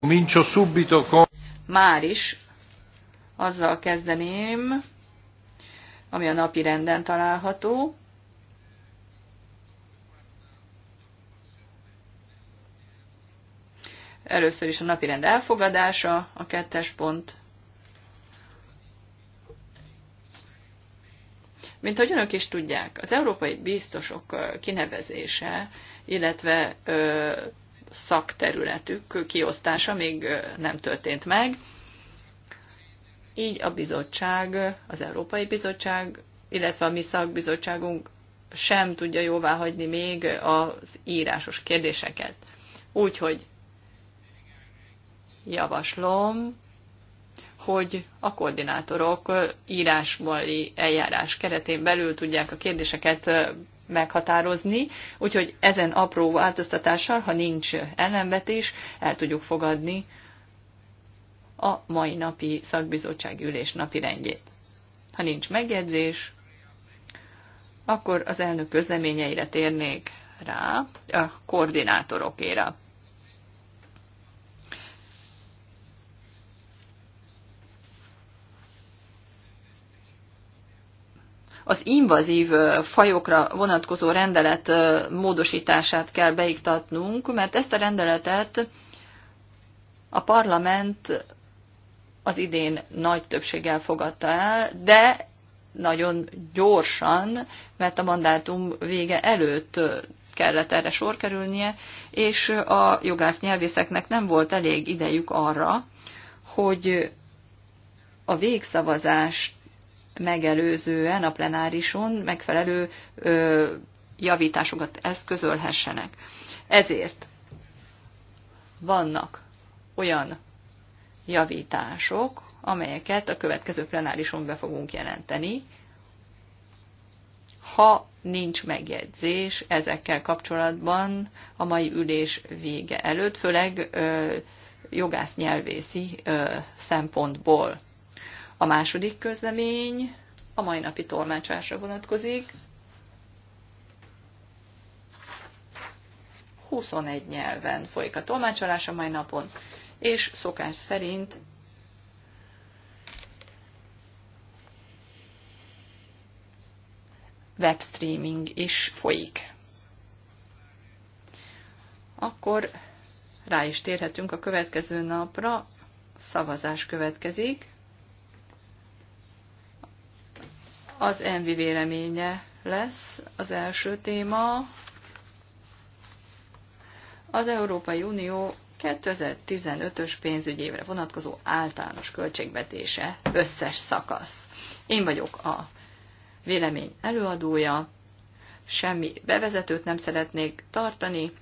Comincio subito con... Már is azzal kezdeném, ami a napi renden található. Először is a rend elfogadása, a kettes pont. Mint ahogy önök is tudják, az európai biztosok kinevezése, illetve szakterületük kiosztása még nem történt meg. Így a bizottság, az Európai Bizottság, illetve a mi szakbizottságunk sem tudja jóvá hagyni még az írásos kérdéseket. Úgyhogy javaslom, hogy a koordinátorok írásbeli eljárás keretén belül tudják a kérdéseket meghatározni, úgyhogy ezen apró változtatással, ha nincs ellenvetés, el tudjuk fogadni a mai napi szakbizottsági ülés napi rendjét. Ha nincs megjegyzés, akkor az elnök közleményeire térnék rá, a koordinátorokéra. az invazív fajokra vonatkozó rendelet módosítását kell beiktatnunk, mert ezt a rendeletet a parlament az idén nagy többséggel fogadta el, de nagyon gyorsan, mert a mandátum vége előtt kellett erre sor kerülnie, és a jogász nyelvészeknek nem volt elég idejük arra, hogy a végszavazást megelőzően a plenárison megfelelő ö, javításokat eszközölhessenek. Ezért vannak olyan javítások, amelyeket a következő plenárison be fogunk jelenteni, ha nincs megjegyzés ezekkel kapcsolatban a mai ülés vége előtt, főleg ö, jogásznyelvészi ö, szempontból. A második közlemény a mai napi tolmácsásra vonatkozik. 21 nyelven folyik a tolmácsolás a mai napon, és szokás szerint webstreaming is folyik. Akkor rá is térhetünk a következő napra, szavazás következik. Az envi véleménye lesz az első téma. Az Európai Unió 2015-ös pénzügyévre vonatkozó általános költségvetése összes szakasz. Én vagyok a vélemény előadója, semmi bevezetőt nem szeretnék tartani,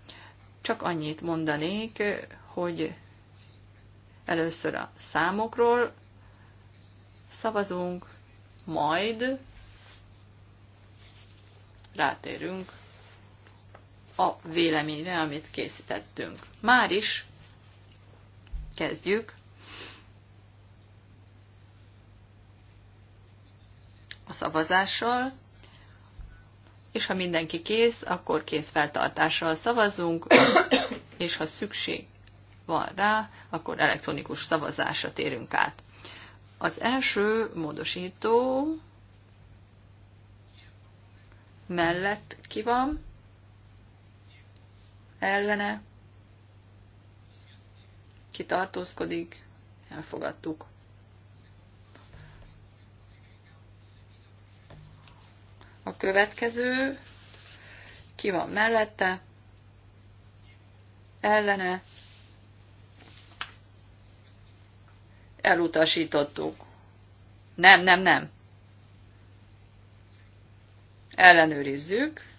csak annyit mondanék, hogy először a számokról szavazunk, majd rátérünk a véleményre, amit készítettünk. Már is kezdjük a szavazással, és ha mindenki kész, akkor kész feltartással szavazunk, és ha szükség van rá, akkor elektronikus szavazásra térünk át. Az első módosító mellett ki van, ellene, kitartózkodik, elfogadtuk. A következő, ki van mellette, ellene, elutasítottuk. Nem, nem, nem. Ellenőrizzük.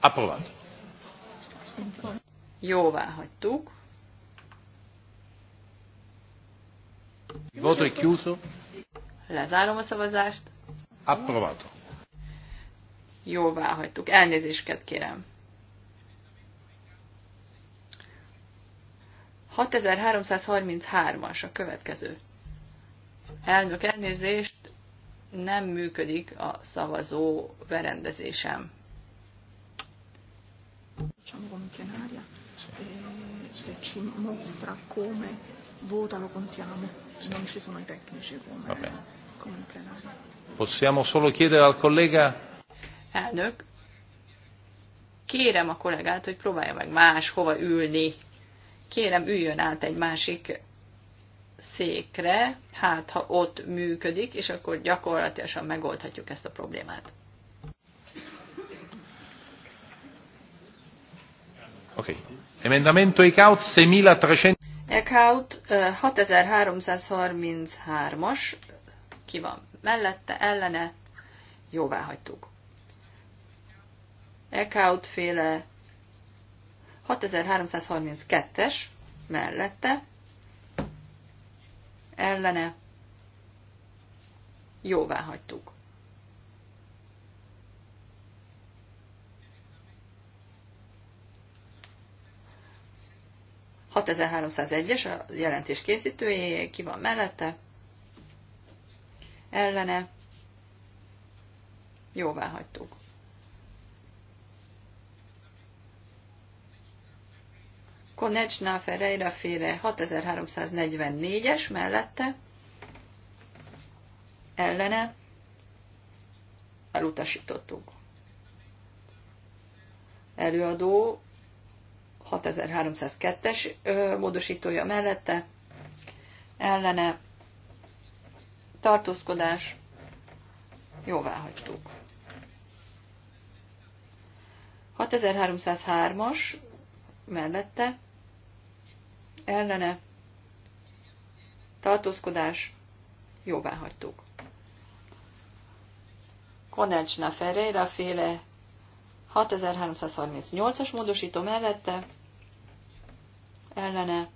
Approvat. Jóvá hagytuk. Il Voto è chiuso. Lezárom a szavazást. Approvato. Jóvá hagytuk. Elnézésket kérem. 6333-as a következő. Elnök elnézést, nem működik a szavazó berendezésem. Diciamo in plenaria, eh, se ci mostra come votano contiamo non ci sono i tecnici come, okay. come in plenaria. Possiamo solo chiedere al collega... Elnök, kérem a kollégát, hogy próbálja meg máshova ülni. Kérem, üljön át egy másik székre, hát ha ott működik, és akkor gyakorlatilag megoldhatjuk ezt a problémát. Oké. Okay. Emendamento ICAUT 6300. Eckhout 6333-as, ki van mellette, ellene, jóvá hagytuk. Eckhout féle 6332-es, mellette, ellene, jóvá hagytuk. 6301-es a jelentés készítője, ki van mellette, ellene, jóvá hagytuk. Konecsna Ferreira féle 6344-es mellette, ellene, elutasítottuk. Előadó 6302-es módosítója mellette, ellene tartózkodás, jóvá hagytuk. 6303-as mellette, ellene tartózkodás, jóvá hagytuk. Konecsna Ferreira féle 6338-as módosító mellette ellene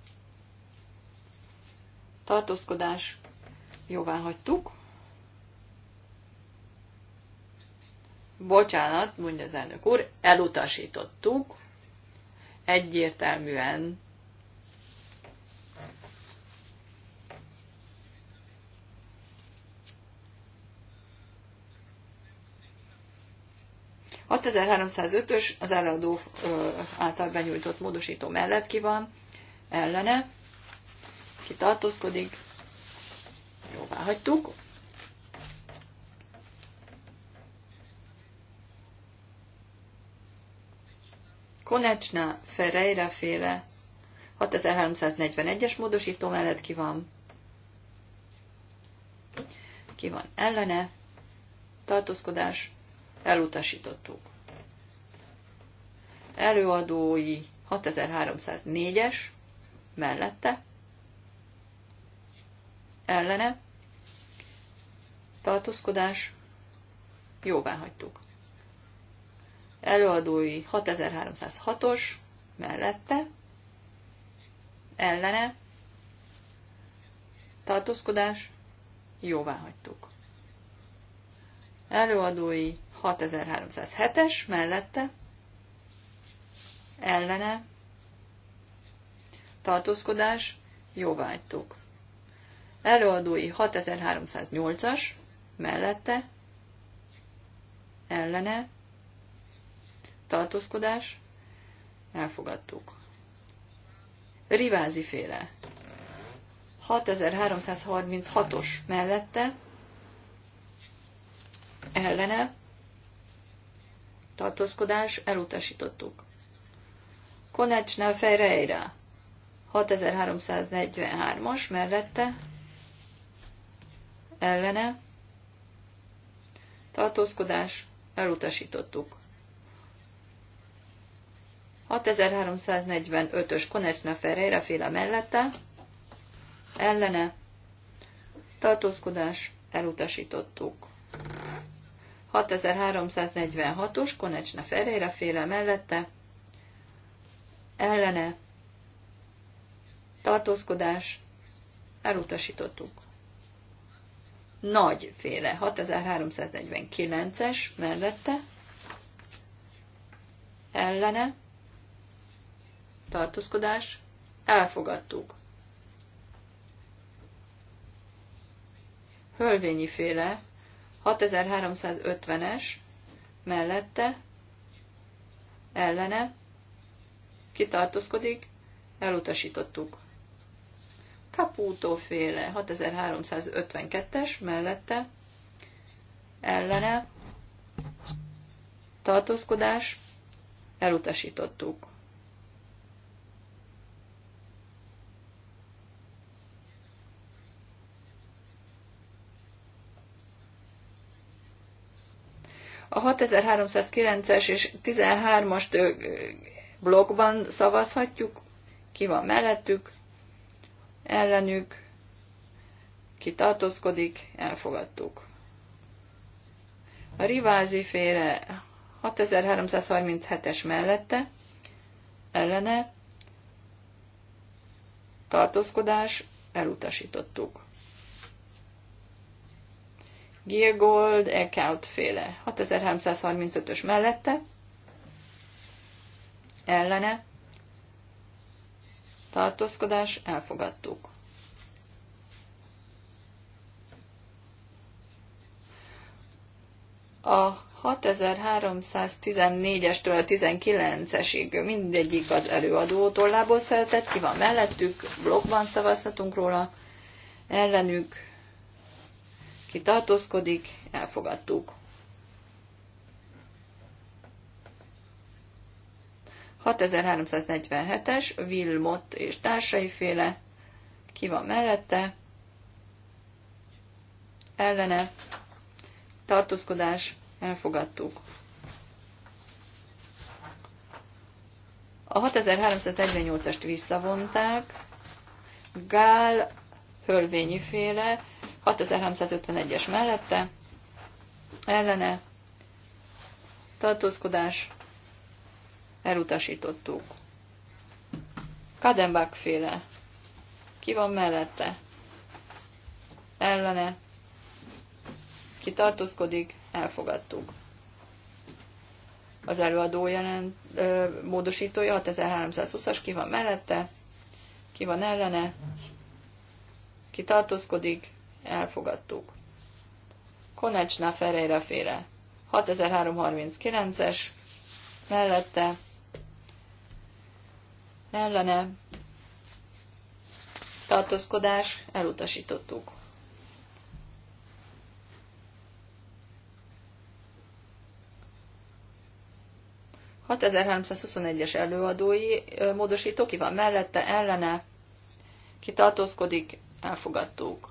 tartózkodás jóvá hagytuk. Bocsánat, mondja az elnök úr, elutasítottuk egyértelműen 6305-ös az eladó által benyújtott módosító mellett ki van, ellene, ki tartózkodik, jóvá hagytuk. Konecsna Ferreira féle 6341-es módosító mellett ki van, ki van ellene, tartózkodás, elutasítottuk. Előadói 6304-es mellette, ellene, tartózkodás, jóvá hagytuk. Előadói 6306-os mellette, ellene, tartózkodás, jóvá hagytuk előadói 6307-es mellette ellene tartózkodás jóvágytuk. Előadói 6308-as mellette ellene tartózkodás elfogadtuk. Rivázi féle 6336-os mellette ellene tartózkodás elutasítottuk. Konecsna Ferreira 6343-as mellette ellene tartózkodás elutasítottuk. 6345-ös Konecsna Ferreira féle mellette ellene tartózkodás elutasítottuk. 6346-os Konecsna Ferreira féle mellette ellene tartózkodás elutasítottuk. Nagy féle 6349-es mellette ellene tartózkodás elfogadtuk. Hölvényi féle 6350-es mellette ellene kitartózkodik, elutasítottuk. Caputo féle 6352-es mellette ellene tartózkodás elutasítottuk. A 6309-es és 13-as blogban szavazhatjuk, ki van mellettük, ellenük, ki tartózkodik, elfogadtuk. A rivázi féle 6337-es mellette, ellene, tartózkodás, elutasítottuk. Gilgold, Eckhout féle 6335-ös mellette, ellene, tartózkodás, elfogadtuk. A 6314-estől a 19-esig mindegyik az előadó tollából szeretett, ki van mellettük, blogban szavazhatunk róla, ellenük ki tartózkodik, elfogadtuk. 6347-es, Vilmot és társai féle, ki van mellette, ellene, tartózkodás, elfogadtuk. A 6348-est visszavonták, Gál fölvényi féle, 6351-es mellette, ellene, tartózkodás, elutasítottuk. Kadenbach féle, ki van mellette, ellene, ki tartózkodik, elfogadtuk. Az előadó jelent, ö, módosítója 6320-as, ki van mellette, ki van ellene, ki tartózkodik, elfogadtuk. Konecsna Ferreira féle 6339-es, mellette, ellene, tartózkodás, elutasítottuk. es előadói módosító, ki van mellette, ellene, ki tartózkodik, elfogadtuk.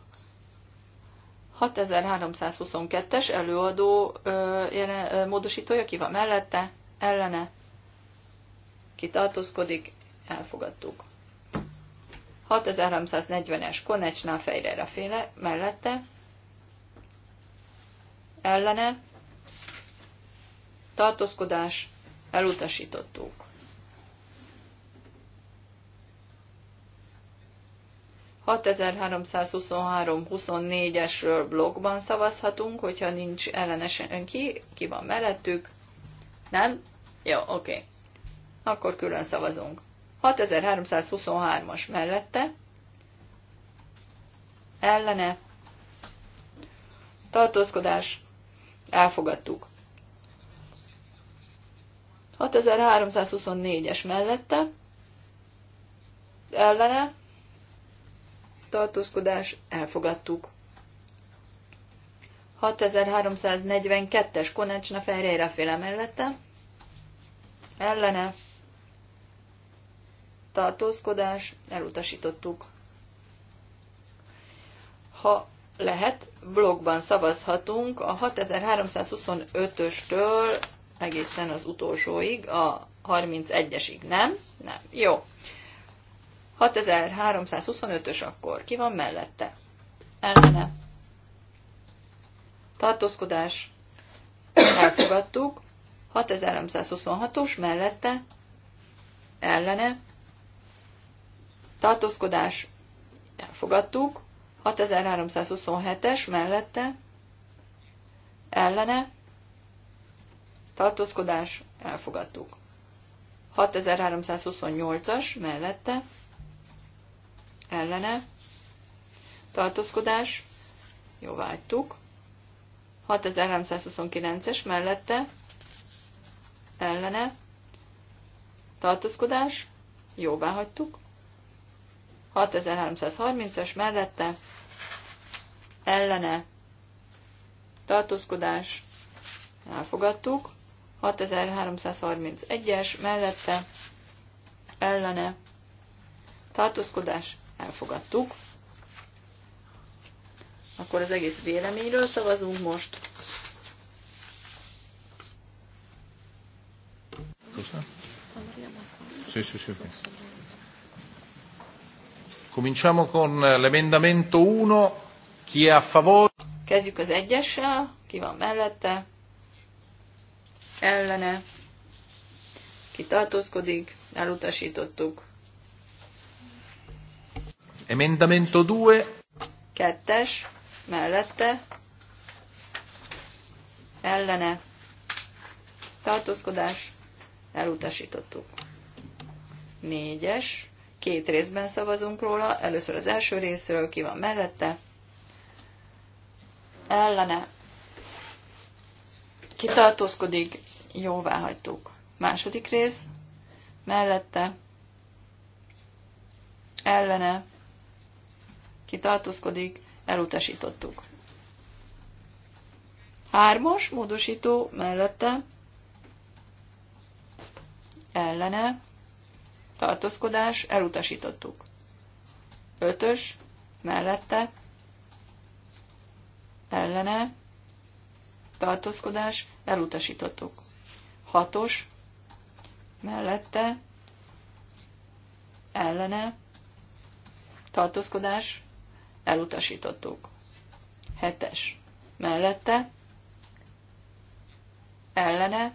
6322-es előadó jele, módosítója ki van mellette, ellene, ki tartózkodik, elfogadtuk. 6340-es Konecsná a féle mellette, ellene, tartózkodás, elutasítottuk. 6323-24-esről blogban szavazhatunk, hogyha nincs ellenesen ki, ki van mellettük. Nem? Jó, oké. Okay. Akkor külön szavazunk. 6323-as mellette. Ellene. Tartózkodás. Elfogadtuk. 6324-es mellette. Ellene tartózkodás, elfogadtuk. 6342-es Konácsna Ferreira féle mellette, ellene, tartózkodás, elutasítottuk. Ha lehet, blogban szavazhatunk a 6325-östől egészen az utolsóig, a 31-esig, nem? Nem. Jó. 6325-ös akkor. Ki van mellette? Ellene. Tartózkodás. Elfogadtuk. 6326-os mellette. Ellene. Tartózkodás. Elfogadtuk. 6327-es mellette. Ellene. Tartózkodás. Elfogadtuk. 6328-as mellette ellene, tartózkodás, vágytuk. 6329-es mellette, ellene, tartózkodás, jóvá hagytuk, 6330-es mellette, ellene, tartózkodás, elfogadtuk, 6331-es mellette, ellene, tartózkodás, elfogadtuk. Akkor az egész véleményről szavazunk most. Sì, sì, sì. Cominciamo con eh, l'emendamento 1. Chi è a favore? Kezdjük az egyessel. Ki van mellette? Ellene. Ki tartózkodik? Elutasítottuk. Emendamento 2. Kettes, mellette, ellene, tartózkodás, elutasítottuk. Négyes, két részben szavazunk róla, először az első részről, ki van mellette, ellene, kitartózkodik, jóvá hagytuk. Második rész, mellette, ellene, ki tartózkodik, elutasítottuk. Hármas módosító mellette ellene tartózkodás elutasítottuk. Ötös mellette ellene tartózkodás elutasítottuk. Hatos mellette ellene tartózkodás elutasítottuk. Hetes. Mellette, ellene,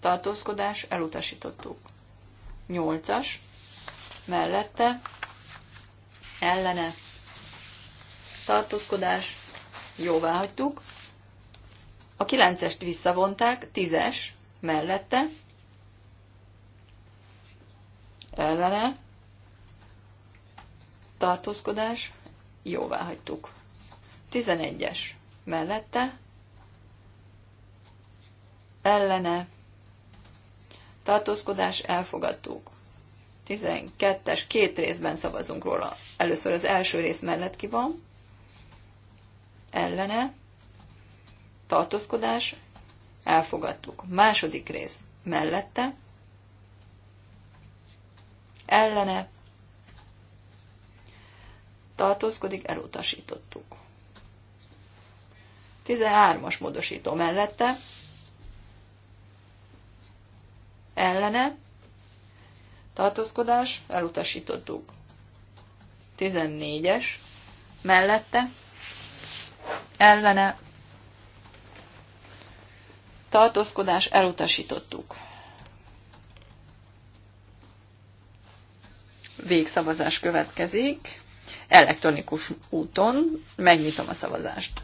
tartózkodás, elutasítottuk. Nyolcas. Mellette, ellene, tartózkodás, jóvá hagytuk. A kilencest visszavonták, tízes, mellette, ellene, tartózkodás, jóvá hagytuk. 11-es mellette, ellene, tartózkodás, elfogadtuk. 12-es, két részben szavazunk róla. Először az első rész mellett ki van, ellene, tartózkodás, elfogadtuk. Második rész mellette, ellene, tartózkodik, elutasítottuk. 13-as módosító mellette, ellene, tartózkodás, elutasítottuk. 14-es, mellette, ellene, tartózkodás, elutasítottuk. Végszavazás következik elektronikus úton. Megnyitom a szavazást.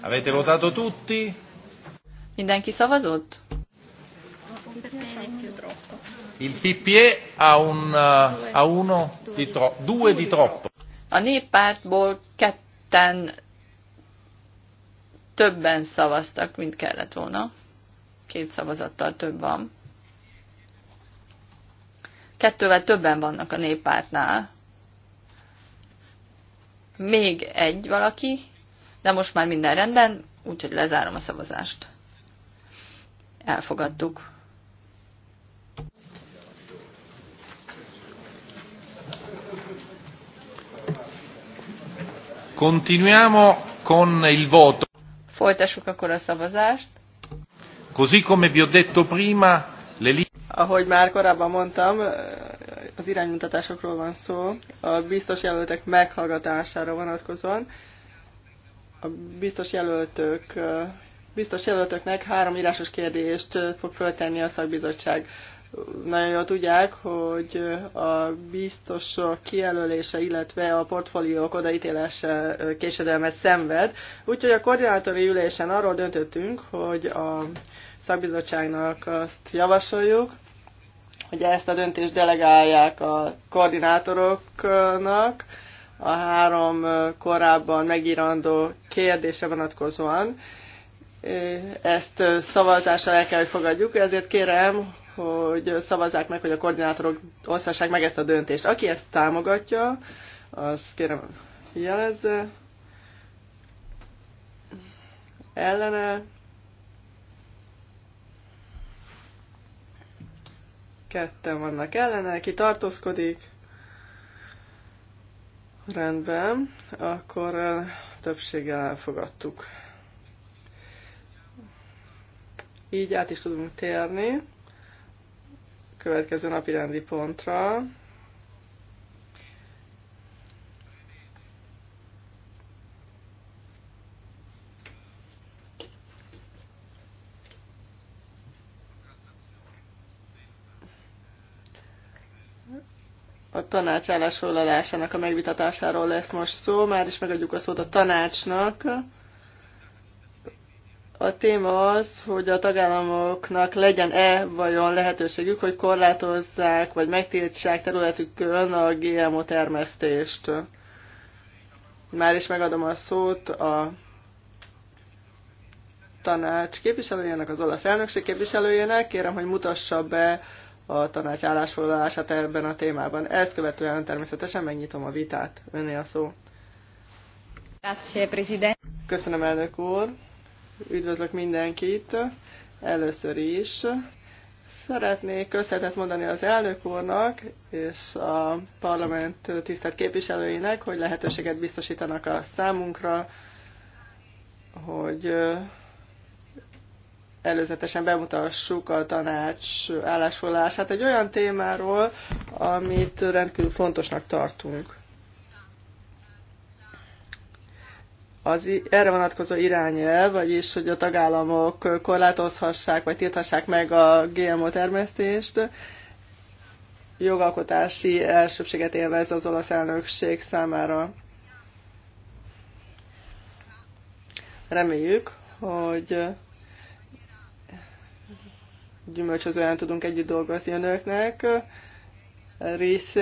Avete votato tutti? Mindenki szavazott? Il PPE ha, un, eh, ha uno di troppo, due di troppo. A néppártból ketten többen szavaztak, mint kellett volna. Két szavazattal több van. Kettővel többen vannak a néppártnál. Még egy valaki, de most már minden rendben, úgyhogy lezárom a szavazást. Elfogadtuk. Continuiamo con il voto. Folytassuk akkor a szavazást. Così come vi ho detto prima, le li- Ahogy már korábban mondtam, eh, az iránymutatásokról van szó, a biztos jelöltek meghallgatására vonatkozóan. A biztos jelöltök eh, biztos jelöltöknek három írásos kérdést eh, fog föltenni a szakbizottság nagyon jól tudják, hogy a biztosok kijelölése, illetve a portfóliók odaítélése késedelmet szenved. Úgyhogy a koordinátori ülésen arról döntöttünk, hogy a szakbizottságnak azt javasoljuk, hogy ezt a döntést delegálják a koordinátoroknak a három korábban megírandó kérdése vonatkozóan. Ezt szavazással el kell, hogy fogadjuk, ezért kérem, hogy szavazzák meg, hogy a koordinátorok osszassák meg ezt a döntést. Aki ezt támogatja, az kérem jelezze. Ellene. Ketten vannak ellene, ki tartózkodik. Rendben, akkor többséggel elfogadtuk. Így át is tudunk térni következő napi rendi pontra. A tanács állásfoglalásának a megvitatásáról lesz most szó, már is megadjuk a szót a tanácsnak. A téma az, hogy a tagállamoknak legyen-e vajon lehetőségük, hogy korlátozzák vagy megtiltsák területükön a GMO termesztést. Már is megadom a szót a tanács képviselőjének, az olasz elnökség képviselőjének. Kérem, hogy mutassa be a tanács állásfoglalását ebben a témában. Ezt követően természetesen megnyitom a vitát. Önné a szó. Köszönöm, elnök úr. Üdvözlök mindenkit először is. Szeretnék köszönetet mondani az elnök úrnak és a parlament tisztelt képviselőinek, hogy lehetőséget biztosítanak a számunkra, hogy előzetesen bemutassuk a tanács állásfoglalását egy olyan témáról, amit rendkívül fontosnak tartunk. az erre vonatkozó irányelv, vagyis hogy a tagállamok korlátozhassák vagy tilthassák meg a GMO termesztést, jogalkotási elsőbséget élvez az olasz elnökség számára. Reméljük, hogy gyümölcsözően tudunk együtt dolgozni önöknek rész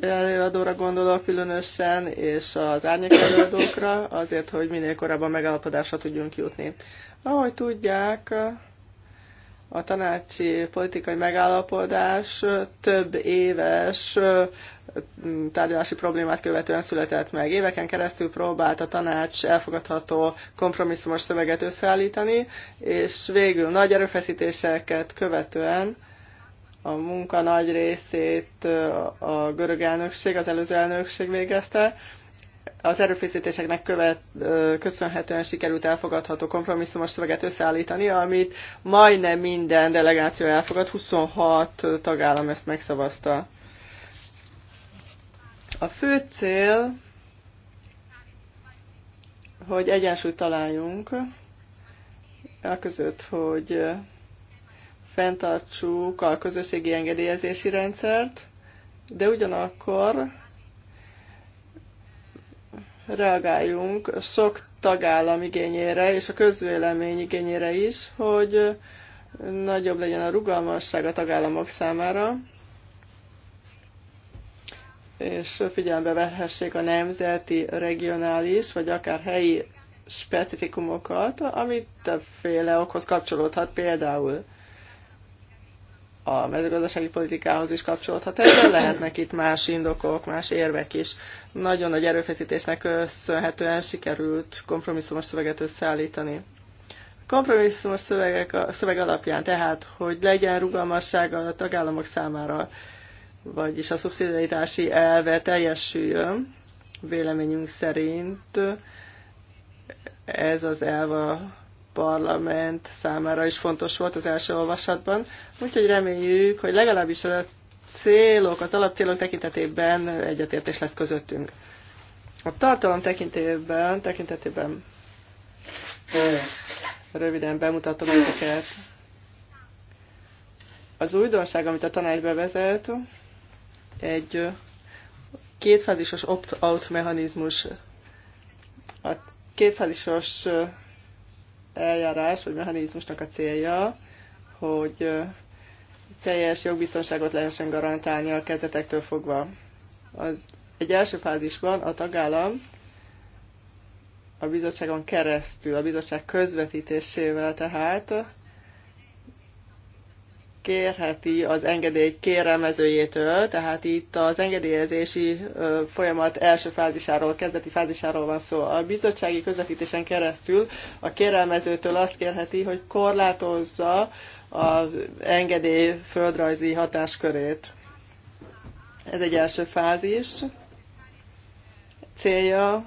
előadóra gondolok különösen, és az árnyék előadókra, azért, hogy minél korábban megállapodásra tudjunk jutni. Ahogy tudják, a tanácsi politikai megállapodás több éves tárgyalási problémát követően született meg. Éveken keresztül próbált a tanács elfogadható kompromisszumos szöveget összeállítani, és végül nagy erőfeszítéseket követően a munka nagy részét a görög elnökség, az előző elnökség végezte. Az erőfeszítéseknek követ, köszönhetően sikerült elfogadható kompromisszumos szöveget összeállítani, amit majdnem minden delegáció elfogad, 26 tagállam ezt megszavazta. A fő cél, hogy egyensúlyt találjunk, a között, hogy fenntartsuk a közösségi engedélyezési rendszert, de ugyanakkor reagáljunk sok tagállam igényére és a közvélemény igényére is, hogy nagyobb legyen a rugalmasság a tagállamok számára, és figyelembe vehessék a nemzeti, regionális, vagy akár helyi specifikumokat, amit többféle okhoz kapcsolódhat például a mezőgazdasági politikához is kapcsolódhat. Ezzel lehetnek itt más indokok, más érvek is. Nagyon nagy erőfeszítésnek köszönhetően sikerült kompromisszumos szöveget összeállítani. A kompromisszumos szövegek, a szöveg alapján tehát, hogy legyen rugalmassága a tagállamok számára, vagyis a szubszidiaritási elve teljesüljön, véleményünk szerint ez az elva parlament számára is fontos volt az első olvasatban. Úgyhogy reméljük, hogy legalábbis a célok, az alapcélok tekintetében egyetértés lesz közöttünk. A tartalom tekintetében, tekintetében röviden bemutatom ezeket. Az újdonság, amit a tanács bevezet, egy kétfázisos opt-out mechanizmus. A kétfázisos eljárás vagy mechanizmusnak a célja, hogy teljes jogbiztonságot lehessen garantálni a kezdetektől fogva. Az, egy első fázisban a tagállam a bizottságon keresztül, a bizottság közvetítésével tehát kérheti az engedély kérelmezőjétől, tehát itt az engedélyezési folyamat első fázisáról, kezdeti fázisáról van szó. A bizottsági közvetítésen keresztül a kérelmezőtől azt kérheti, hogy korlátozza az engedély földrajzi hatáskörét. Ez egy első fázis. Célja,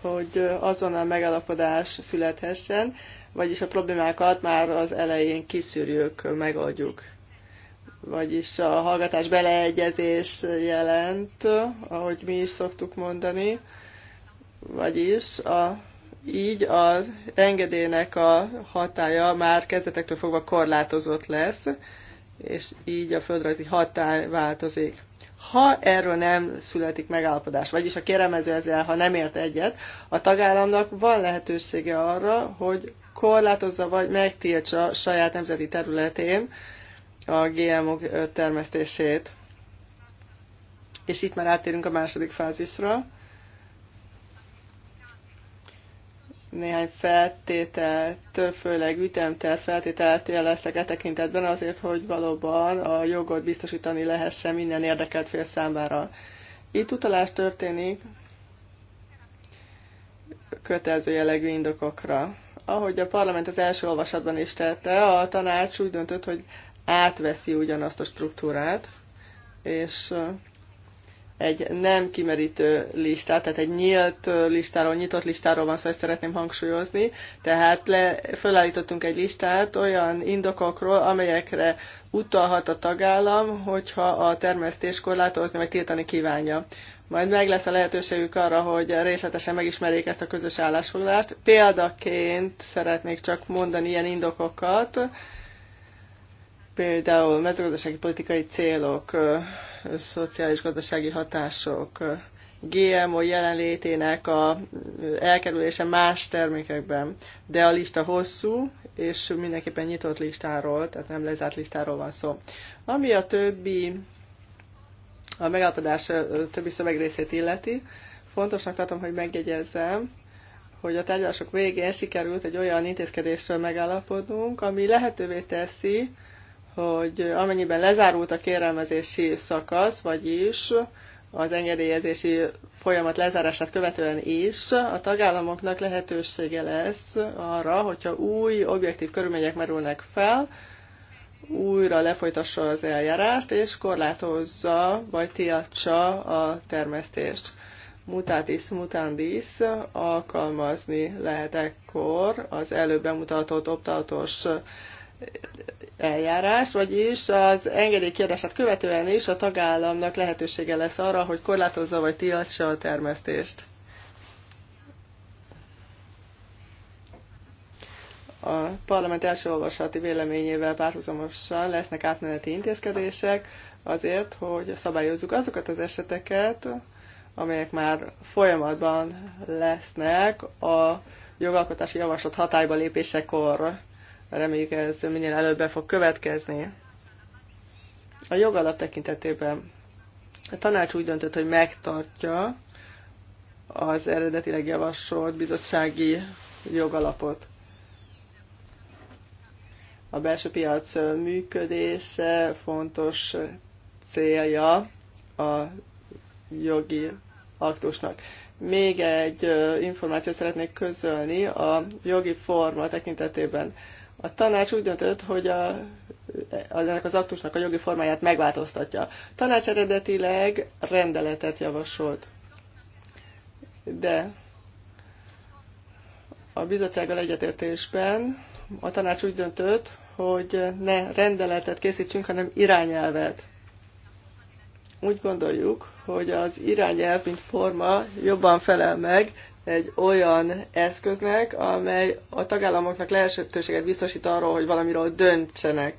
hogy azonnal megalapodás születhessen vagyis a problémákat már az elején kiszűrjük, megoldjuk. Vagyis a hallgatás beleegyezés jelent, ahogy mi is szoktuk mondani, vagyis a, így az engedélynek a hatája már kezdetektől fogva korlátozott lesz, és így a földrajzi hatály változik ha erről nem születik megállapodás, vagyis a kéremező ezzel, ha nem ért egyet, a tagállamnak van lehetősége arra, hogy korlátozza vagy megtiltsa saját nemzeti területén a GMO termesztését. És itt már átérünk a második fázisra. néhány feltételt, főleg ütemter feltételt jeleztek e tekintetben azért, hogy valóban a jogot biztosítani lehessen minden érdekelt fél számára. Itt utalás történik kötelező jellegű indokokra. Ahogy a parlament az első olvasatban is tette, a tanács úgy döntött, hogy átveszi ugyanazt a struktúrát, és egy nem kimerítő listát, tehát egy nyílt listáról, nyitott listáról van szó, szóval ezt szeretném hangsúlyozni. Tehát le, fölállítottunk egy listát olyan indokokról, amelyekre utalhat a tagállam, hogyha a termesztés korlátozni vagy tiltani kívánja. Majd meg lesz a lehetőségük arra, hogy részletesen megismerjék ezt a közös állásfoglalást. Példaként szeretnék csak mondani ilyen indokokat, például mezőgazdasági politikai célok, szociális-gazdasági hatások, GMO jelenlétének a elkerülése más termékekben, de a lista hosszú, és mindenképpen nyitott listáról, tehát nem lezárt listáról van szó. Ami a többi, a megállapodás többi szövegrészét illeti, fontosnak tartom, hogy megjegyezzem, hogy a tárgyalások végén sikerült egy olyan intézkedésről megállapodnunk, ami lehetővé teszi, hogy amennyiben lezárult a kérelmezési szakasz, vagyis az engedélyezési folyamat lezárását követően is a tagállamoknak lehetősége lesz arra, hogyha új objektív körülmények merülnek fel, újra lefolytassa az eljárást, és korlátozza vagy tiltsa a termesztést. Mutatis mutandis alkalmazni lehet ekkor az előbb bemutatott optatos eljárást, vagyis az engedélykiadását követően is a tagállamnak lehetősége lesz arra, hogy korlátozza vagy tiltsa a termesztést. A parlament első olvasati véleményével párhuzamosan lesznek átmeneti intézkedések azért, hogy szabályozzuk azokat az eseteket, amelyek már folyamatban lesznek a jogalkotási javaslat hatályba lépésekor Reméljük ez minél előbb be fog következni. A jogalap tekintetében a tanács úgy döntött, hogy megtartja az eredetileg javasolt bizottsági jogalapot. A belső piac működése fontos célja a jogi aktusnak. Még egy információt szeretnék közölni a jogi forma tekintetében. A tanács úgy döntött, hogy a, az ennek az aktusnak a jogi formáját megváltoztatja. A tanács eredetileg rendeletet javasolt. De a bizottsággal egyetértésben a tanács úgy döntött, hogy ne rendeletet készítsünk, hanem irányelvet. Úgy gondoljuk, hogy az irányelv, mint forma jobban felel meg egy olyan eszköznek, amely a tagállamoknak lehetőséget biztosít arról, hogy valamiről döntsenek,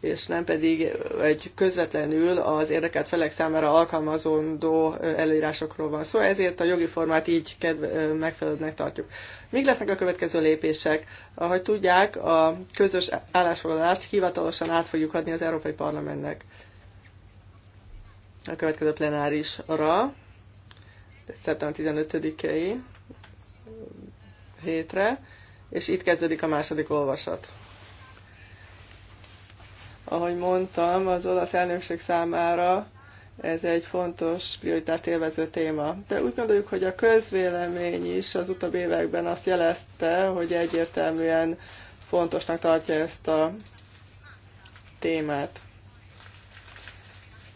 és nem pedig egy közvetlenül az érdekelt felek számára alkalmazondó előírásokról van szó, szóval ezért a jogi formát így kedve, megfelelőnek tartjuk. Mik lesznek a következő lépések? Ahogy tudják, a közös állásfoglalást hivatalosan át fogjuk adni az Európai Parlamentnek a következő plenárisra szeptember 15-i hétre, és itt kezdődik a második olvasat. Ahogy mondtam, az olasz elnökség számára ez egy fontos prioritást élvező téma. De úgy gondoljuk, hogy a közvélemény is az utóbbi években azt jelezte, hogy egyértelműen fontosnak tartja ezt a témát.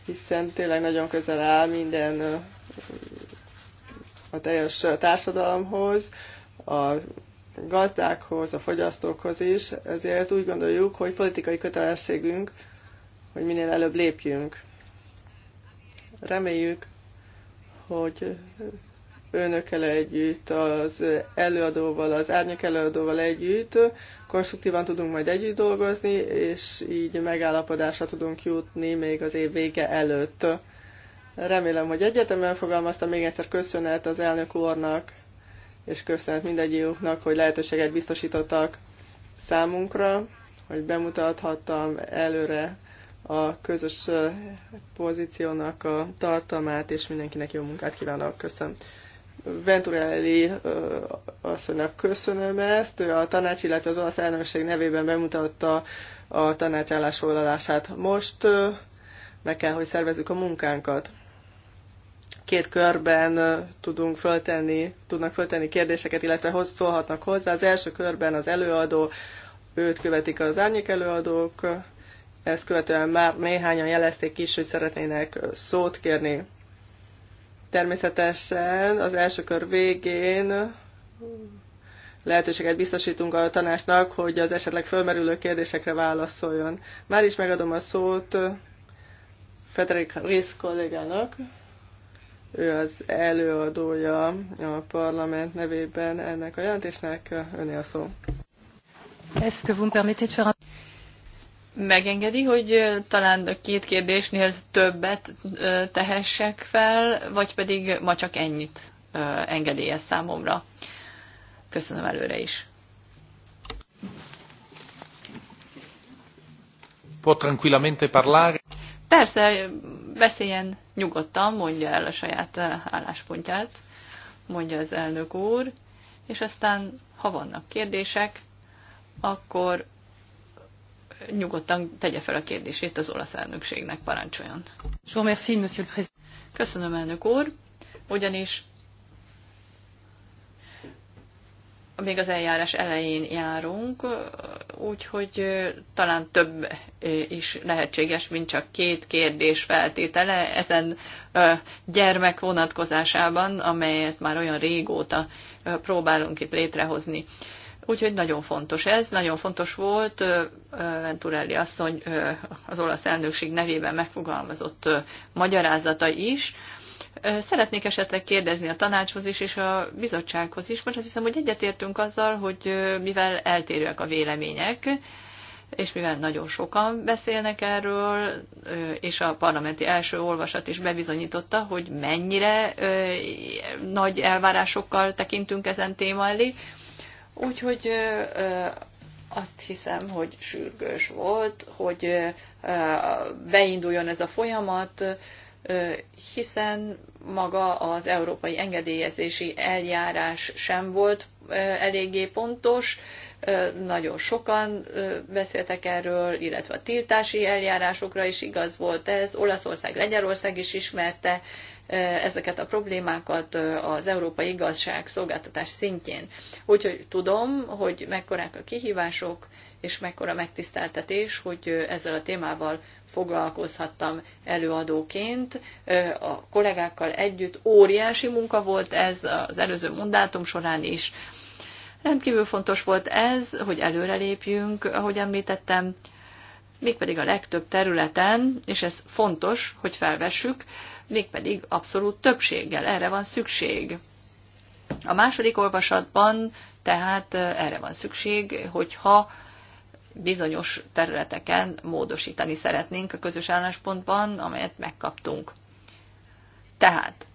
Hiszen tényleg nagyon közel áll minden a teljes társadalomhoz, a gazdákhoz, a fogyasztókhoz is, ezért úgy gondoljuk, hogy politikai kötelességünk, hogy minél előbb lépjünk. Reméljük, hogy önökkel együtt, az előadóval, az árnyék előadóval együtt, konstruktívan tudunk majd együtt dolgozni, és így megállapodásra tudunk jutni még az év vége előtt. Remélem, hogy egyetemben fogalmaztam. Még egyszer köszönet az elnök úrnak, és köszönet mindegyiküknek, hogy lehetőséget biztosítottak számunkra, hogy bemutathattam előre a közös pozíciónak a tartalmát, és mindenkinek jó munkát kívánok. Köszönöm. Venturelli asszonynak köszönöm ezt. Ő a tanács, illetve az olasz elnökség nevében bemutatta a tanács állásfoglalását. Most meg kell, hogy szervezzük a munkánkat két körben tudunk föltenni, tudnak föltenni kérdéseket, illetve szólhatnak hozzá. Az első körben az előadó, őt követik az árnyék előadók, ezt követően már néhányan jelezték is, hogy szeretnének szót kérni. Természetesen az első kör végén lehetőséget biztosítunk a tanásnak, hogy az esetleg fölmerülő kérdésekre válaszoljon. Már is megadom a szót Federik Rész kollégának. Ő az előadója a parlament nevében ennek a jelentésnek. Öné a szó. megengedi, hogy talán a két kérdésnél többet tehessek fel, vagy pedig ma csak ennyit engedélyez számomra. Köszönöm előre is. Può tranquillamente parlare. Persze, beszéljen nyugodtan, mondja el a saját eh, álláspontját, mondja az elnök úr, és aztán, ha vannak kérdések, akkor nyugodtan tegye fel a kérdését az olasz elnökségnek, parancsoljon. Köszönöm, elnök úr, ugyanis még az eljárás elején járunk, úgyhogy talán több is lehetséges, mint csak két kérdés feltétele ezen gyermek vonatkozásában, amelyet már olyan régóta próbálunk itt létrehozni. Úgyhogy nagyon fontos ez, nagyon fontos volt Venturelli asszony az olasz elnökség nevében megfogalmazott magyarázata is, Szeretnék esetleg kérdezni a tanácshoz is, és a bizottsághoz is, mert azt hiszem, hogy egyetértünk azzal, hogy mivel eltérőek a vélemények, és mivel nagyon sokan beszélnek erről, és a parlamenti első olvasat is bebizonyította, hogy mennyire nagy elvárásokkal tekintünk ezen téma elé, úgyhogy azt hiszem, hogy sürgős volt, hogy beinduljon ez a folyamat, hiszen maga az európai engedélyezési eljárás sem volt eléggé pontos, nagyon sokan beszéltek erről, illetve a tiltási eljárásokra is igaz volt ez, Olaszország, Lengyelország is ismerte ezeket a problémákat az európai igazság szolgáltatás szintjén. Úgyhogy tudom, hogy mekkorák a kihívások, és mekkora megtiszteltetés, hogy ezzel a témával foglalkozhattam előadóként a kollégákkal együtt. Óriási munka volt ez az előző mondátum során is. Rendkívül fontos volt ez, hogy előrelépjünk, ahogy említettem, mégpedig a legtöbb területen, és ez fontos, hogy felvessük, mégpedig abszolút többséggel. Erre van szükség. A második olvasatban tehát erre van szükség, hogyha bizonyos területeken módosítani szeretnénk a közös álláspontban, amelyet megkaptunk. Tehát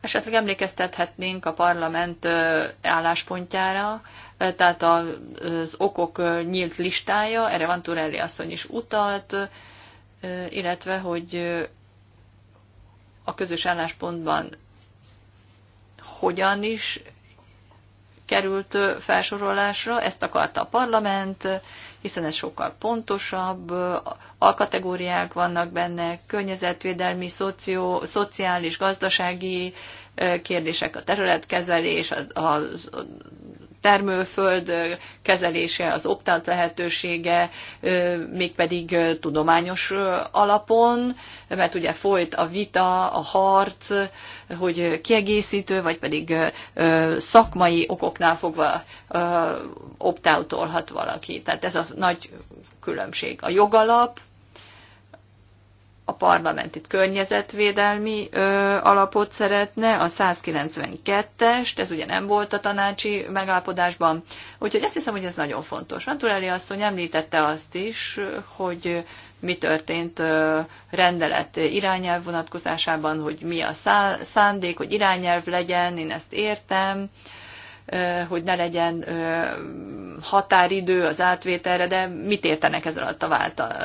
esetleg emlékeztethetnénk a parlament álláspontjára, tehát az okok nyílt listája, erre van Turelli asszony is utalt, illetve, hogy a közös álláspontban hogyan is került felsorolásra, ezt akarta a parlament, hiszen ez sokkal pontosabb, alkategóriák vannak benne, környezetvédelmi, szoció, szociális, gazdasági kérdések, a területkezelés, a, a, a termőföld kezelése, az optált lehetősége, mégpedig tudományos alapon, mert ugye folyt a vita, a harc, hogy kiegészítő, vagy pedig szakmai okoknál fogva optáltolhat valaki. Tehát ez a nagy különbség. A jogalap a parlament itt környezetvédelmi ö, alapot szeretne, a 192-est, ez ugye nem volt a tanácsi megállapodásban, úgyhogy azt hiszem, hogy ez nagyon fontos. Naturelli asszony említette azt is, hogy mi történt ö, rendelet irányelv vonatkozásában, hogy mi a szándék, hogy irányelv legyen, én ezt értem, ö, hogy ne legyen határidő az átvételre, de mit értenek ez alatt a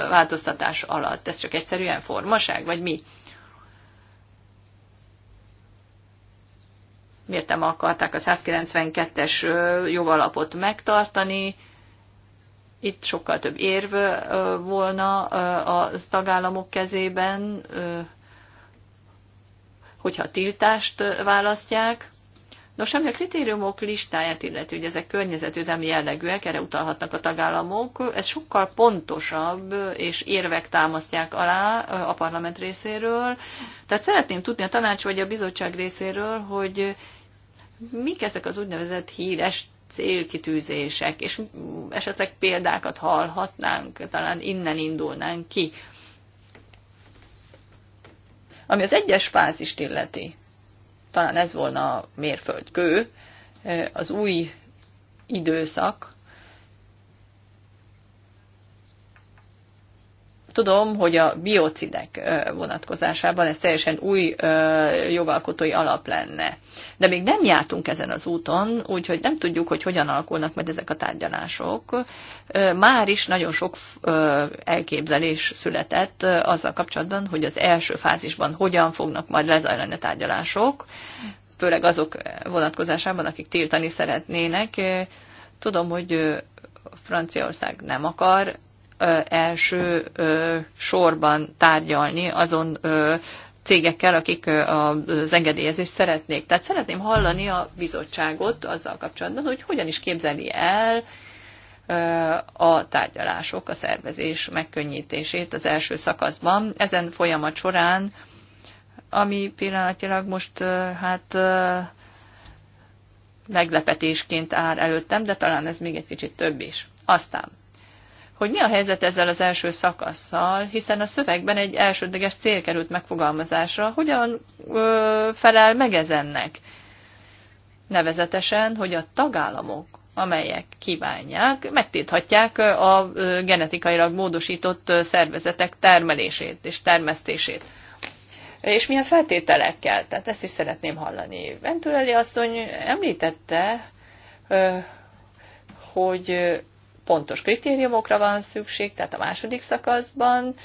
változtatás alatt? Ez csak egyszerűen formaság, vagy mi? Miért nem akarták a 192-es jogalapot megtartani? Itt sokkal több érv volna a tagállamok kezében, hogyha tiltást választják Nos, ami a kritériumok listáját illeti, hogy ezek környezetvédelmi jellegűek, erre utalhatnak a tagállamok, ez sokkal pontosabb, és érvek támasztják alá a parlament részéről. Tehát szeretném tudni a tanács vagy a bizottság részéről, hogy mik ezek az úgynevezett híres célkitűzések, és esetleg példákat hallhatnánk, talán innen indulnánk ki. Ami az egyes fázist illeti. Talán ez volna a mérföldkő, az új időszak, Tudom, hogy a biocidek vonatkozásában ez teljesen új jogalkotói alap lenne. De még nem jártunk ezen az úton, úgyhogy nem tudjuk, hogy hogyan alakulnak meg ezek a tárgyalások. Már is nagyon sok elképzelés született azzal kapcsolatban, hogy az első fázisban hogyan fognak majd lezajlani a tárgyalások, főleg azok vonatkozásában, akik tiltani szeretnének. Tudom, hogy Franciaország nem akar első sorban tárgyalni azon cégekkel, akik az engedélyezést szeretnék. Tehát szeretném hallani a bizottságot azzal kapcsolatban, hogy hogyan is képzeli el a tárgyalások, a szervezés megkönnyítését az első szakaszban. Ezen folyamat során, ami pillanatilag most hát meglepetésként áll előttem, de talán ez még egy kicsit több is. Aztán hogy mi a helyzet ezzel az első szakasszal, hiszen a szövegben egy elsődleges cél került megfogalmazásra, hogyan ö, felel meg ezennek. Nevezetesen, hogy a tagállamok, amelyek kívánják, megtilthatják a genetikailag módosított szervezetek termelését és termesztését. És milyen feltételekkel? Tehát ezt is szeretném hallani. Ventureli asszony említette, hogy pontos kritériumokra van szükség, tehát a második szakaszban,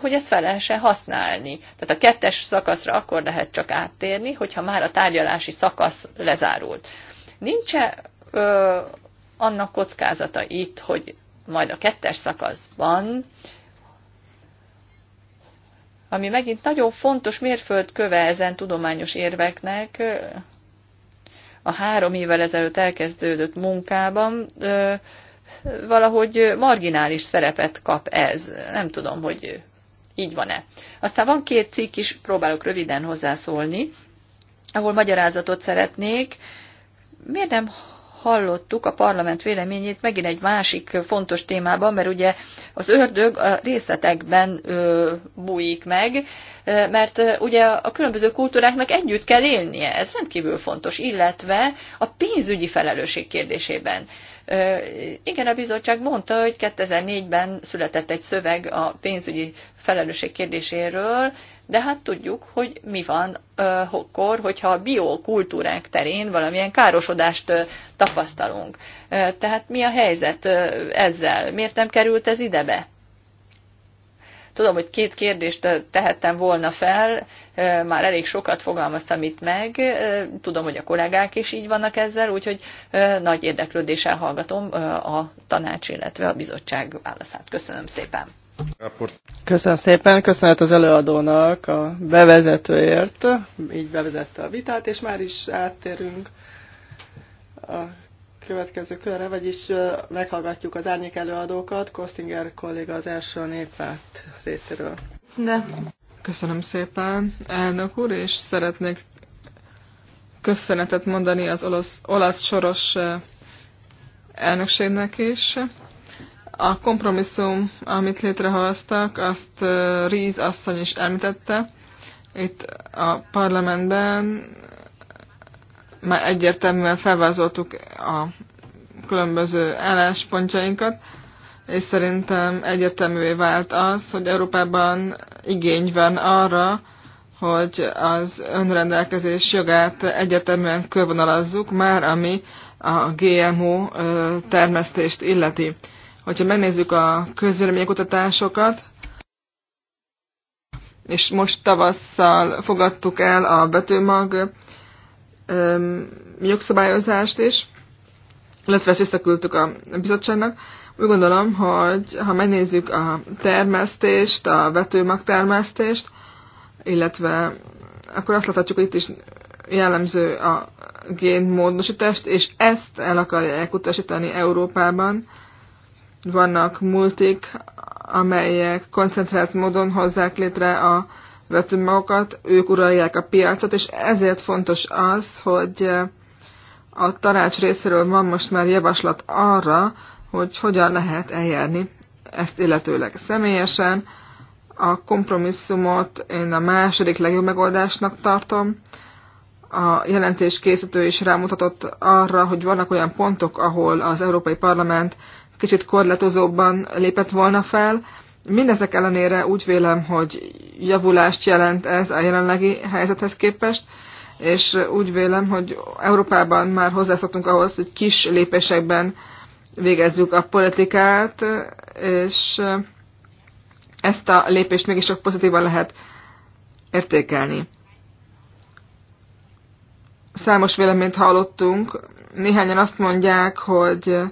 hogy ezt fel lehessen használni. Tehát a kettes szakaszra akkor lehet csak áttérni, hogyha már a tárgyalási szakasz lezárult. nincs -e, ö, annak kockázata itt, hogy majd a kettes szakaszban, ami megint nagyon fontos mérföldköve ezen tudományos érveknek, a három évvel ezelőtt elkezdődött munkában, ö, valahogy marginális szerepet kap ez. Nem tudom, hogy így van-e. Aztán van két cikk is, próbálok röviden hozzászólni, ahol magyarázatot szeretnék. Miért nem hallottuk a parlament véleményét megint egy másik fontos témában, mert ugye az ördög a részletekben ö, bújik meg, mert ugye a különböző kultúráknak együtt kell élnie, ez rendkívül fontos, illetve a pénzügyi felelősség kérdésében. Igen, a bizottság mondta, hogy 2004-ben született egy szöveg a pénzügyi felelősség kérdéséről, de hát tudjuk, hogy mi van akkor, hogyha a biokultúrák terén valamilyen károsodást tapasztalunk. Tehát mi a helyzet ezzel? Miért nem került ez idebe? Tudom, hogy két kérdést tehettem volna fel, már elég sokat fogalmaztam itt meg, tudom, hogy a kollégák is így vannak ezzel, úgyhogy nagy érdeklődéssel hallgatom a tanács, illetve a bizottság válaszát. Köszönöm szépen! Köszönöm szépen, köszönet az előadónak a bevezetőért, így bevezette a vitát, és már is áttérünk a következő körre, vagyis meghallgatjuk az árnyék előadókat. Kostinger kolléga az első néppárt részéről. De. Köszönöm szépen, elnök úr, és szeretnék köszönetet mondani az olasz, olasz soros elnökségnek is. A kompromisszum, amit létrehoztak, azt Ríz asszony is említette. Itt a parlamentben már egyértelműen felvázoltuk a különböző álláspontjainkat, és szerintem egyértelművé vált az, hogy Európában igény van arra, hogy az önrendelkezés jogát egyértelműen körvonalazzuk, már ami a GMO termesztést illeti. Hogyha megnézzük a közvéleménykutatásokat, és most tavasszal fogadtuk el a betőmag öm, jogszabályozást is, illetve ezt visszaküldtük a bizottságnak. Úgy gondolom, hogy ha megnézzük a termesztést, a vetőmag termesztést, illetve akkor azt láthatjuk, hogy itt is jellemző a génmódosítást, és ezt el akarják utasítani Európában. Vannak multik, amelyek koncentrált módon hozzák létre a vető magukat, ők uralják a piacot, és ezért fontos az, hogy eh, a tanács részéről van most már javaslat arra, hogy hogyan lehet eljárni ezt illetőleg személyesen. A kompromisszumot én a második legjobb megoldásnak tartom. A jelentés készítő is rámutatott arra, hogy vannak olyan pontok, ahol az Európai Parlament kicsit korlátozóbban lépett volna fel, Mindezek ellenére úgy vélem, hogy javulást jelent ez a jelenlegi helyzethez képest, és úgy vélem, hogy Európában már hozzászoktunk ahhoz, hogy kis lépésekben végezzük a politikát, és ezt a lépést mégiscsak pozitívan lehet értékelni. Számos véleményt hallottunk, néhányan azt mondják, hogy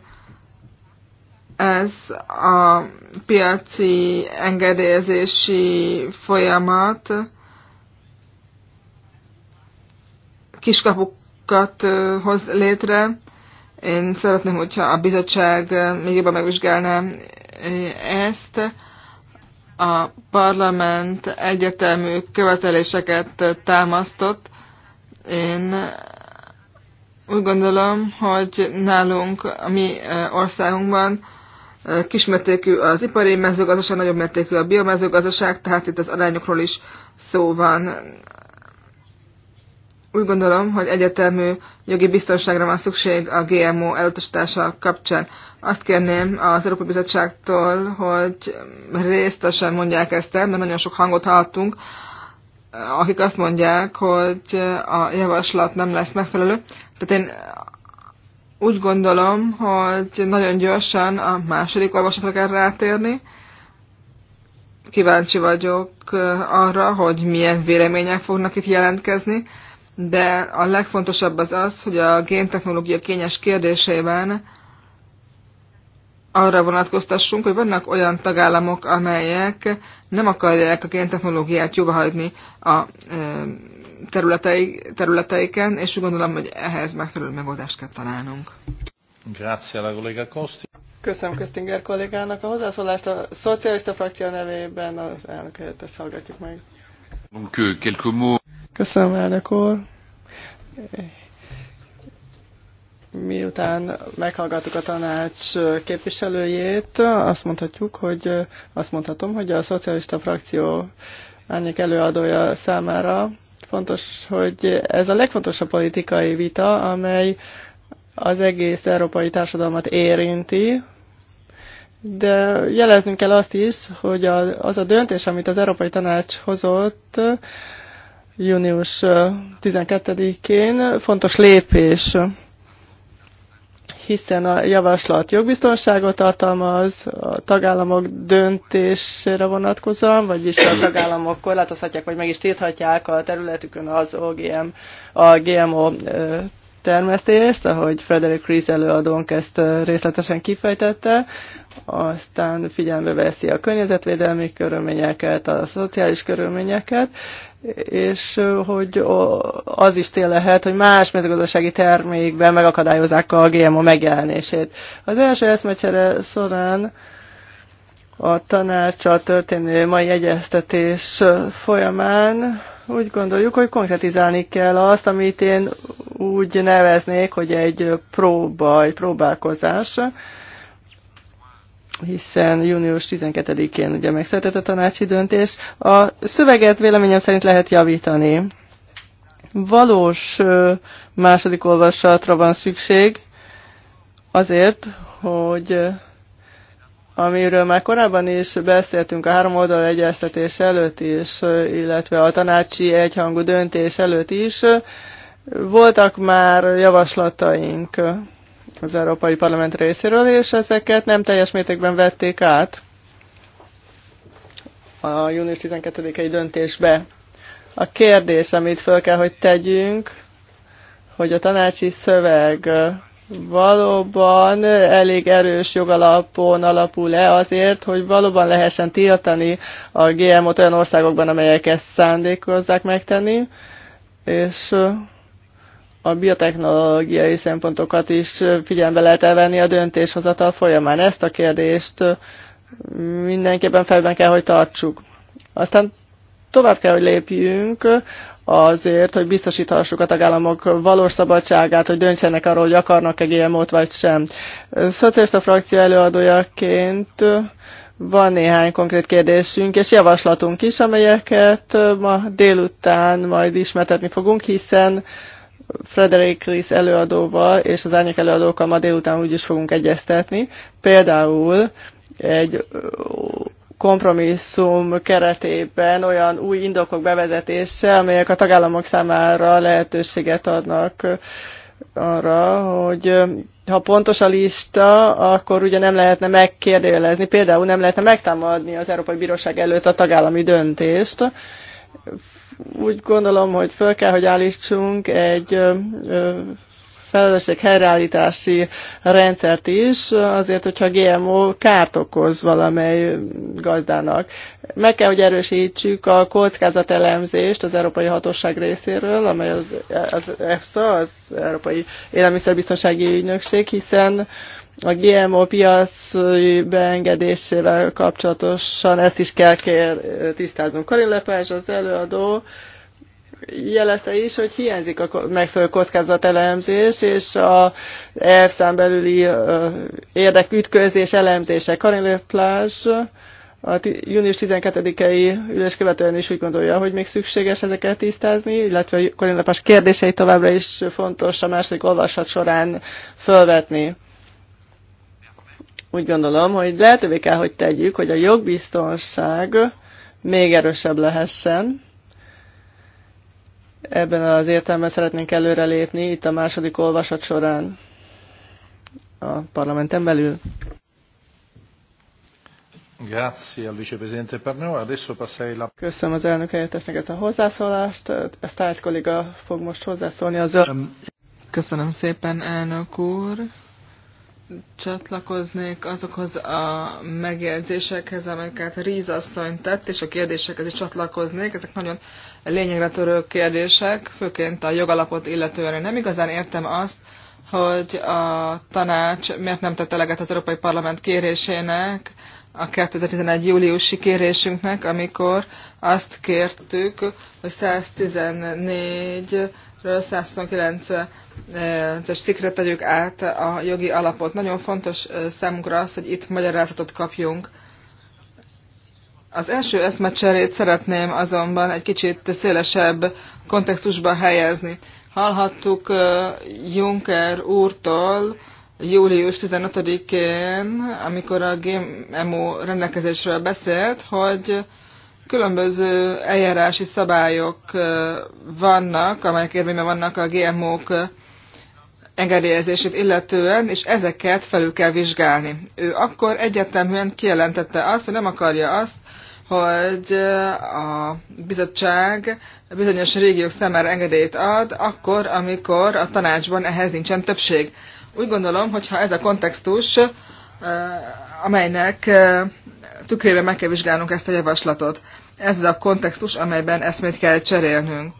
ez a piaci engedélyezési folyamat kiskapukat hoz létre. Én szeretném, hogyha a bizottság még jobban megvizsgálná ezt. A parlament egyetemű követeléseket támasztott. Én úgy gondolom, hogy nálunk, a mi országunkban kismértékű az ipari mezőgazdaság, nagyobb mértékű a biomezőgazdaság, tehát itt az arányokról is szó van. Úgy gondolom, hogy egyetemű jogi biztonságra van szükség a GMO elutasítása kapcsán. Azt kérném az Európai Bizottságtól, hogy résztesen mondják ezt el, mert nagyon sok hangot hallottunk, akik azt mondják, hogy a javaslat nem lesz megfelelő. Tehát én úgy gondolom, hogy nagyon gyorsan a második olvasatra kell rátérni. Kíváncsi vagyok eh, arra, hogy milyen vélemények fognak itt jelentkezni, de a legfontosabb az az, hogy a géntechnológia kényes kérdésében arra vonatkoztassunk, hogy vannak olyan tagállamok, amelyek nem akarják a géntechnológiát jóváhagyni a eh, területei, területeiken, és úgy gondolom, hogy ehhez megfelelő megoldást kell találnunk. Grazie alla collega Costi. Köszönöm Köztinger kollégának a hozzászólást. A szocialista frakció nevében az elnök helyettest hallgatjuk meg. Euh, Köszönöm, elnök úr. Miután meghallgattuk a tanács képviselőjét, azt mondhatjuk, hogy azt mondhatom, hogy a szocialista frakció árnyék előadója számára fontos, hogy ez a legfontosabb politikai vita, amely az egész európai társadalmat érinti, de jeleznünk kell azt is, hogy az a döntés, amit az Európai Tanács hozott június 12-én, fontos lépés hiszen a javaslat jogbiztonságot tartalmaz, a tagállamok döntésére vonatkozóan, vagyis a tagállamok korlátozhatják, vagy meg is tilthatják a területükön az OGM, a GMO termesztést, ahogy Frederick Rees előadónk ezt részletesen kifejtette, aztán figyelembe veszi a környezetvédelmi körülményeket, a szociális körülményeket, és hogy az is tél lehet, hogy más mezőgazdasági termékben megakadályozzák a GMO megjelenését. Az első eszmecsere során a tanácsa történő mai egyeztetés folyamán úgy gondoljuk, hogy konkretizálni kell azt, amit én úgy neveznék, hogy egy próba, egy próbálkozás, hiszen június 12-én ugye megszületett a tanácsi döntés. A szöveget véleményem szerint lehet javítani. Valós második olvasatra van szükség azért, hogy amiről már korábban is beszéltünk a három oldal egyeztetés előtt is, illetve a tanácsi egyhangú döntés előtt is, voltak már javaslataink az Európai Parlament részéről, és ezeket nem teljes mértékben vették át a június 12-i döntésbe. A kérdés, amit föl kell, hogy tegyünk, hogy a tanácsi szöveg valóban elég erős jogalapon alapul le azért, hogy valóban lehessen tiltani a GMO-t olyan országokban, amelyek ezt szándékozzák megtenni, és a biotechnológiai szempontokat is figyelembe lehet elvenni a döntéshozatal folyamán. Ezt a kérdést mindenképpen felben kell, hogy tartsuk. Aztán tovább kell, hogy lépjünk azért, hogy biztosíthassuk a tagállamok valós szabadságát, hogy döntsenek arról, hogy akarnak-e GMO-t vagy sem. Szocialista frakció előadójaként van néhány konkrét kérdésünk és javaslatunk is, amelyeket ma délután majd ismertetni fogunk, hiszen Frederick Riss előadóval és az árnyék előadókkal ma délután úgy is fogunk egyeztetni. Például egy kompromisszum keretében olyan új indokok bevezetése, amelyek a tagállamok számára lehetőséget adnak arra, hogy ha pontos a lista, akkor ugye nem lehetne megkérdőjelezni, például nem lehetne megtámadni az Európai Bíróság előtt a tagállami döntést. Úgy gondolom, hogy föl kell, hogy állítsunk egy felelősség helyreállítási rendszert is, azért, hogyha GMO kárt okoz valamely gazdának. Meg kell, hogy erősítsük a kockázatelemzést az Európai Hatóság részéről, amely az, az EFSA, az Európai Élelmiszerbiztonsági Ügynökség, hiszen a GMO piaci beengedésével kapcsolatosan ezt is kell kér, tisztáznunk. Karin Lepázs az előadó, jelezte is, hogy hiányzik a megfelelő kockázatelemzés és a EFSZ-án belüli érdekütközés elemzése. Karin Leplás a június 12-i ülés követően is úgy gondolja, hogy még szükséges ezeket tisztázni, illetve Karin Leplás kérdései továbbra is fontos a második olvasat során fölvetni úgy gondolom, hogy lehetővé kell, hogy tegyük, hogy a jogbiztonság még erősebb lehessen, Ebben az értelemben szeretnénk előrelépni itt a második olvasat során a parlamenten belül. Köszönöm az elnök helyettesnek a hozzászólást. Ezt kolléga fog most hozzászólni a zöld. Köszönöm szépen, elnök úr csatlakoznék azokhoz a megjegyzésekhez, amelyeket Ríz asszony tett, és a kérdésekhez is csatlakoznék. Ezek nagyon lényegre törő kérdések, főként a jogalapot illetően. Én nem igazán értem azt, hogy a tanács miért nem tette eleget az Európai Parlament kérésének, a 2011. júliusi kérésünknek, amikor azt kértük, hogy 114 129-es szikre tegyük át a jogi alapot. Nagyon fontos számunkra az, hogy itt magyarázatot kapjunk. Az első eszmecserét szeretném azonban egy kicsit szélesebb kontextusba helyezni. Hallhattuk Juncker úrtól július 15-én, amikor a GMO rendelkezésről beszélt, hogy Különböző eljárási szabályok vannak, amelyek érvényben vannak a GMO-k engedélyezését illetően, és ezeket felül kell vizsgálni. Ő akkor egyértelműen kijelentette azt, hogy nem akarja azt, hogy a bizottság bizonyos régiók szemére engedélyt ad, akkor, amikor a tanácsban ehhez nincsen többség. Úgy gondolom, hogy ha ez a kontextus, amelynek tükrében meg kell vizsgálnunk ezt a javaslatot. Ez az a kontextus, amelyben eszmét kell cserélnünk.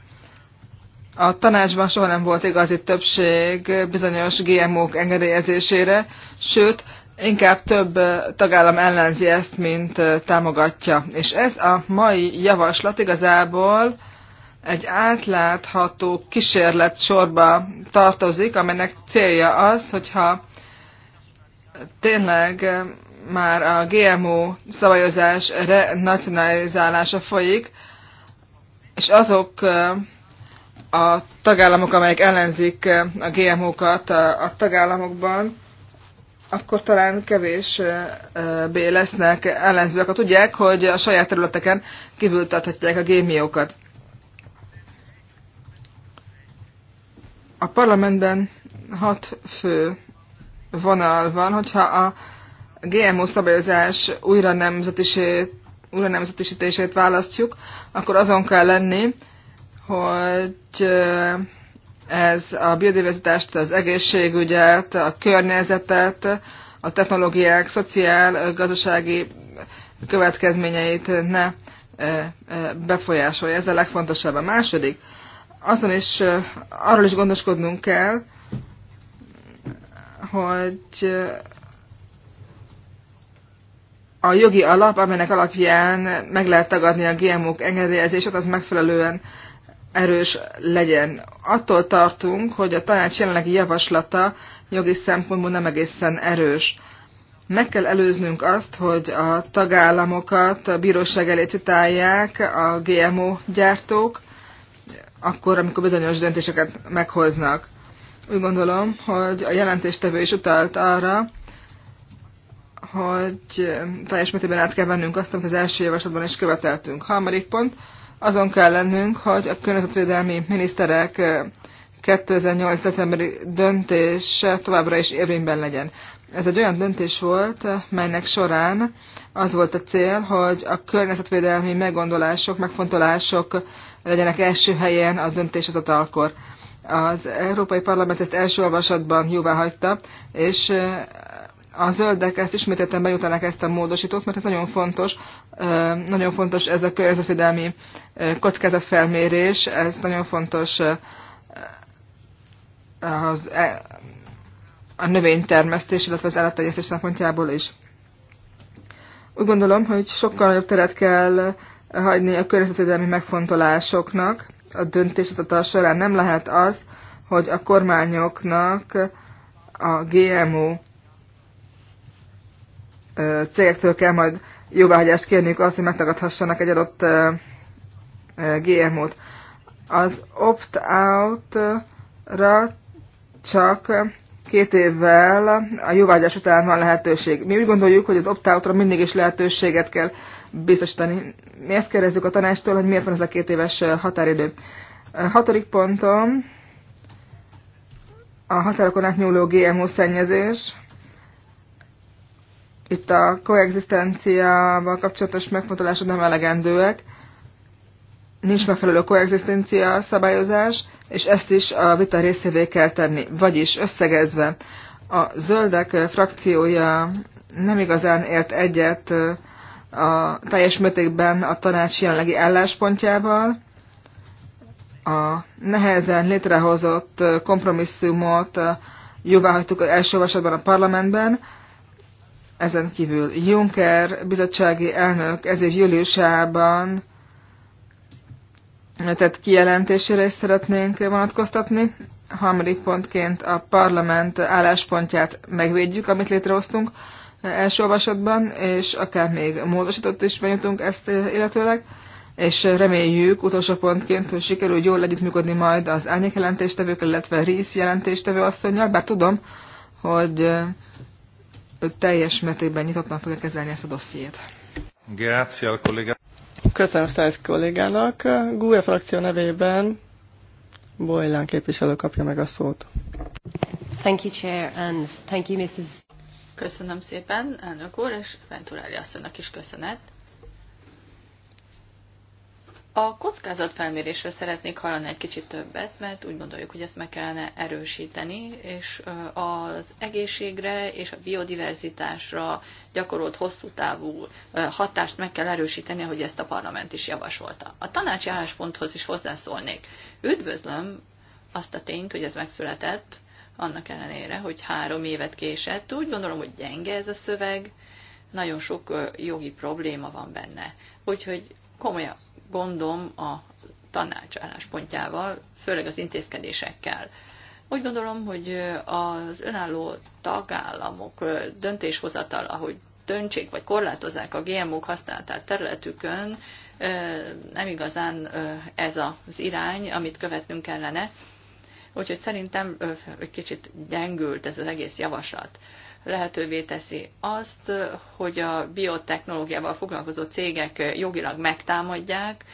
A tanácsban soha nem volt igazi többség bizonyos GMO-k engedélyezésére, sőt, inkább több tagállam ellenzi ezt, mint támogatja. És ez a mai javaslat igazából egy átlátható kísérlet sorba tartozik, amelynek célja az, hogyha tényleg már a GMO szabályozás renacionalizálása folyik, és azok a tagállamok, amelyek ellenzik a GMO-kat a tagállamokban, akkor talán kevés B lesznek ellenzők, ha tudják, hogy a saját területeken kívültathatják a gémiókat. A parlamentben hat fő vonal van, hogyha a GMO szabályozás újra, nemzetisét, újra nemzetisítését választjuk, akkor azon kell lenni, hogy ez a biodiverzitást, az egészségügyet, a környezetet, a technológiák szociál, gazdasági következményeit ne befolyásolja. Ez a legfontosabb. A második, azon is, arról is gondoskodnunk kell, hogy a jogi alap, amelynek alapján meg lehet tagadni a GMO-k engedélyezését, az megfelelően erős legyen. Attól tartunk, hogy a tanács jelenlegi javaslata jogi szempontból nem egészen erős. Meg kell előznünk azt, hogy a tagállamokat a bíróság elé citálják a GMO gyártók, akkor, amikor bizonyos döntéseket meghoznak. Úgy gondolom, hogy a jelentéstevő is utalt arra, hogy teljes mértékben át kell vennünk azt, amit az első javaslatban is követeltünk. Harmadik pont, azon kell lennünk, hogy a környezetvédelmi miniszterek 2008. decemberi döntése továbbra is érvényben legyen. Ez egy olyan döntés volt, melynek során az volt a cél, hogy a környezetvédelmi meggondolások, megfontolások legyenek első helyen a döntéshozatalkor. Az Európai Parlament ezt első olvasatban jóvá hagyta, és a zöldek ezt ismételten bejutanak ezt a módosítót, mert ez nagyon fontos, nagyon fontos ez a környezetvédelmi kockázatfelmérés, ez nagyon fontos az, e, a növénytermesztés, illetve az állattenyésztés szempontjából is. Úgy gondolom, hogy sokkal nagyobb teret kell hagyni a környezetvédelmi megfontolásoknak. A döntéshozatal során nem lehet az, hogy a kormányoknak a GMO cégektől kell majd jóváhagyást kérniük azt, hogy megtagadhassanak egy adott GMO-t. Az opt-out-ra csak két évvel a jóvágyás után van lehetőség. Mi úgy gondoljuk, hogy az opt-outra mindig is lehetőséget kell biztosítani. Mi ezt kérdezzük a tanástól, hogy miért van ez a két éves határidő. A hatodik pontom a határokon átnyúló GMO szennyezés itt a koexisztenciával kapcsolatos megfontolások nem elegendőek. Nincs megfelelő koexisztencia szabályozás, és ezt is a vita részévé kell tenni. Vagyis összegezve, a zöldek frakciója nem igazán ért egyet a teljes mértékben a tanács jelenlegi álláspontjával. A nehezen létrehozott kompromisszumot jóvá hagytuk első olvasatban a parlamentben, ezen kívül Juncker bizottsági elnök ez év júliusában tett kijelentésére is szeretnénk vonatkoztatni. Harmadik pontként a parlament álláspontját megvédjük, amit létrehoztunk első olvasatban, és akár még módosított is benyújtunk ezt illetőleg, és reméljük utolsó pontként, hogy sikerül jól együttműködni majd az árnyék jelentéstevők, illetve Rész jelentéstevő asszonynal, bár tudom, hogy teljes mértékben nyitottan fogja kezelni ezt a dossziét. Grazie, kollega. Köszönöm Stájsz kollégának. GUE frakció nevében Bojlán képviselő kapja meg a szót. Thank you, Chair, and thank you, Mrs. Köszönöm szépen, elnök úr, és Venturelli asszonynak is köszönet. A kockázatfelmérésről szeretnék hallani egy kicsit többet, mert úgy gondoljuk, hogy ezt meg kellene erősíteni, és az egészségre és a biodiverzitásra gyakorolt hosszú távú hatást meg kell erősíteni, hogy ezt a parlament is javasolta. A tanácsi állásponthoz is hozzászólnék. Üdvözlöm azt a tényt, hogy ez megszületett, annak ellenére, hogy három évet késett. Úgy gondolom, hogy gyenge ez a szöveg, nagyon sok jogi probléma van benne. Úgyhogy komolyan gondom a tanács álláspontjával, főleg az intézkedésekkel. Úgy gondolom, hogy az önálló tagállamok döntéshozatala, hogy döntsék vagy korlátozzák a GMO-k használatát területükön, nem igazán ez az irány, amit követnünk kellene. Úgyhogy szerintem egy kicsit gyengült ez az egész javaslat lehetővé teszi azt, hogy a biotechnológiával foglalkozó cégek jogilag megtámadják,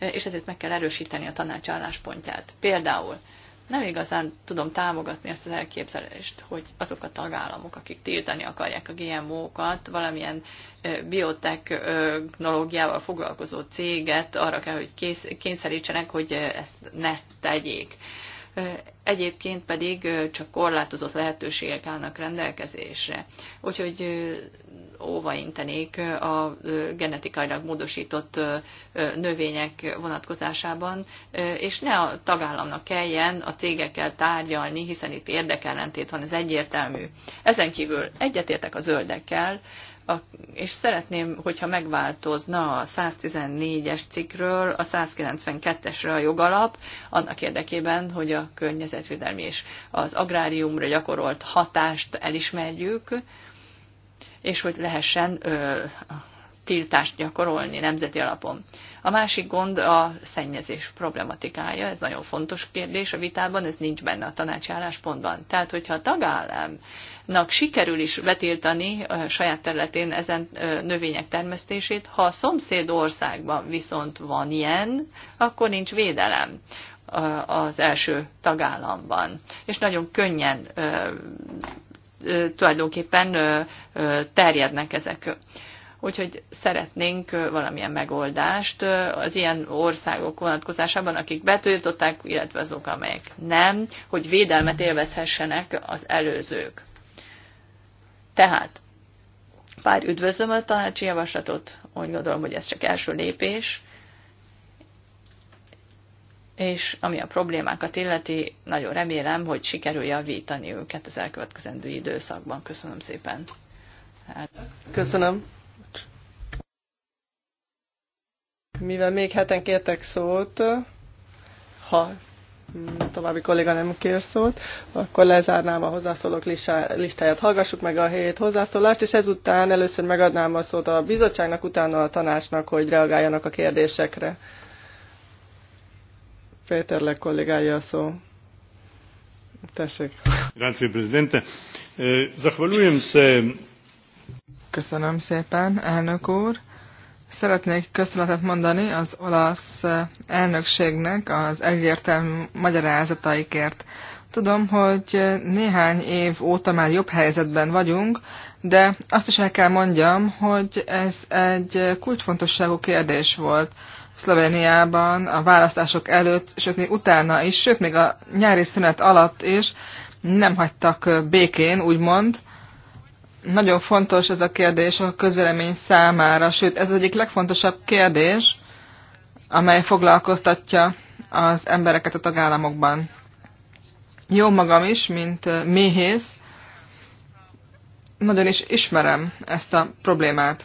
és ezért meg kell erősíteni a tanács álláspontját. Például nem igazán tudom támogatni ezt az elképzelést, hogy azok a tagállamok, akik tiltani akarják a GMO-kat, valamilyen biotechnológiával foglalkozó céget arra kell, hogy kényszerítsenek, hogy ezt ne tegyék egyébként pedig csak korlátozott lehetőségek állnak rendelkezésre. Úgyhogy óva intenék a genetikailag módosított növények vonatkozásában, és ne a tagállamnak kelljen a cégekkel tárgyalni, hiszen itt érdekellentét van, ez egyértelmű. Ezen kívül egyetértek a zöldekkel, a, és szeretném, hogyha megváltozna a 114-es cikkről a 192-esre a jogalap, annak érdekében, hogy a környezetvédelmi és az agráriumra gyakorolt hatást elismerjük, és hogy lehessen ö, tiltást gyakorolni nemzeti alapon. A másik gond a szennyezés problematikája, ez nagyon fontos kérdés a vitában, ez nincs benne a tanácsálláspontban. Tehát, hogyha a tagállamnak sikerül is betiltani a saját területén ezen növények termesztését, ha a szomszéd országban viszont van ilyen, akkor nincs védelem az első tagállamban. És nagyon könnyen tulajdonképpen terjednek ezek úgyhogy szeretnénk valamilyen megoldást az ilyen országok vonatkozásában, akik betiltották, illetve azok, amelyek nem, hogy védelmet élvezhessenek az előzők. Tehát pár üdvözlöm a tanácsi javaslatot, úgy gondolom, hogy ez csak első lépés, és ami a problémákat illeti, nagyon remélem, hogy sikerül javítani őket az elkövetkezendő időszakban. Köszönöm szépen. Köszönöm. Mivel még heten kértek szót, ha további kolléga nem kér szót, akkor lezárnám a hozzászólók listáját. Hallgassuk meg a hét hozzászólást, és ezután először megadnám a szót a bizottságnak, utána a tanácsnak, hogy reagáljanak a kérdésekre. Péter le kollégája a szó. Tessék. Eh, Köszönöm szépen, elnök úr. Szeretnék köszönetet mondani az olasz eh, elnökségnek az egyértelmű magyarázataikért. Tudom, hogy eh, néhány év óta már jobb helyzetben vagyunk, de azt is el kell mondjam, hogy ez egy eh, kulcsfontosságú kérdés volt Szlovéniában a választások előtt, sőt még utána is, sőt még a nyári szünet alatt is nem hagytak békén, úgymond, nagyon fontos ez a kérdés a közvélemény számára, sőt ez az egyik legfontosabb kérdés, amely foglalkoztatja az embereket a tagállamokban. Jó magam is, mint méhész, nagyon is ismerem ezt a problémát.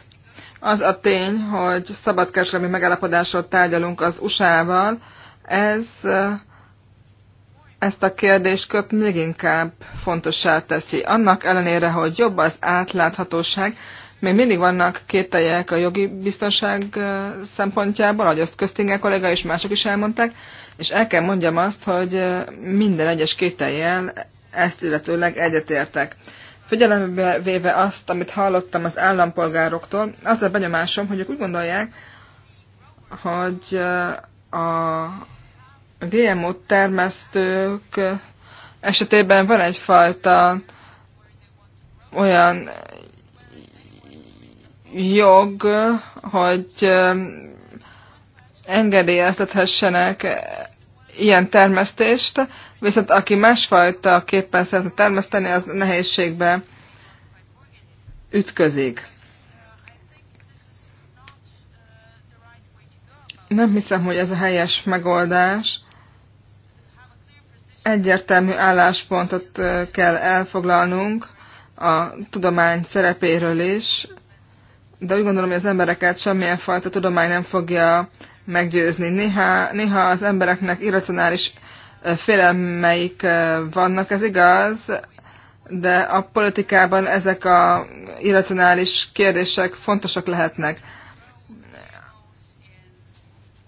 Az a tény, hogy szabadkereskedelmi megállapodásról tárgyalunk az USA-val, ez ezt a kérdéskört még inkább fontossá teszi. Annak ellenére, hogy jobb az átláthatóság, még mindig vannak kételjek a jogi biztonság szempontjából, ahogy azt Köztinger kollega és mások is elmondták, és el kell mondjam azt, hogy minden egyes kételjel ezt illetőleg egyetértek. Figyelembe véve azt, amit hallottam az állampolgároktól, az a benyomásom, hogy ők úgy gondolják, hogy a a GMO termesztők esetében van egyfajta olyan jog, hogy um, engedélyeztethessenek ilyen termesztést, viszont aki másfajta képpen szeretne termeszteni, az nehézségbe ütközik. Nem hiszem, hogy ez a helyes megoldás egyértelmű álláspontot kell elfoglalnunk a tudomány szerepéről is, de úgy gondolom, hogy az embereket semmilyen fajta tudomány nem fogja meggyőzni. Néha, néha az embereknek irracionális félelmeik vannak, ez igaz, de a politikában ezek a irracionális kérdések fontosak lehetnek.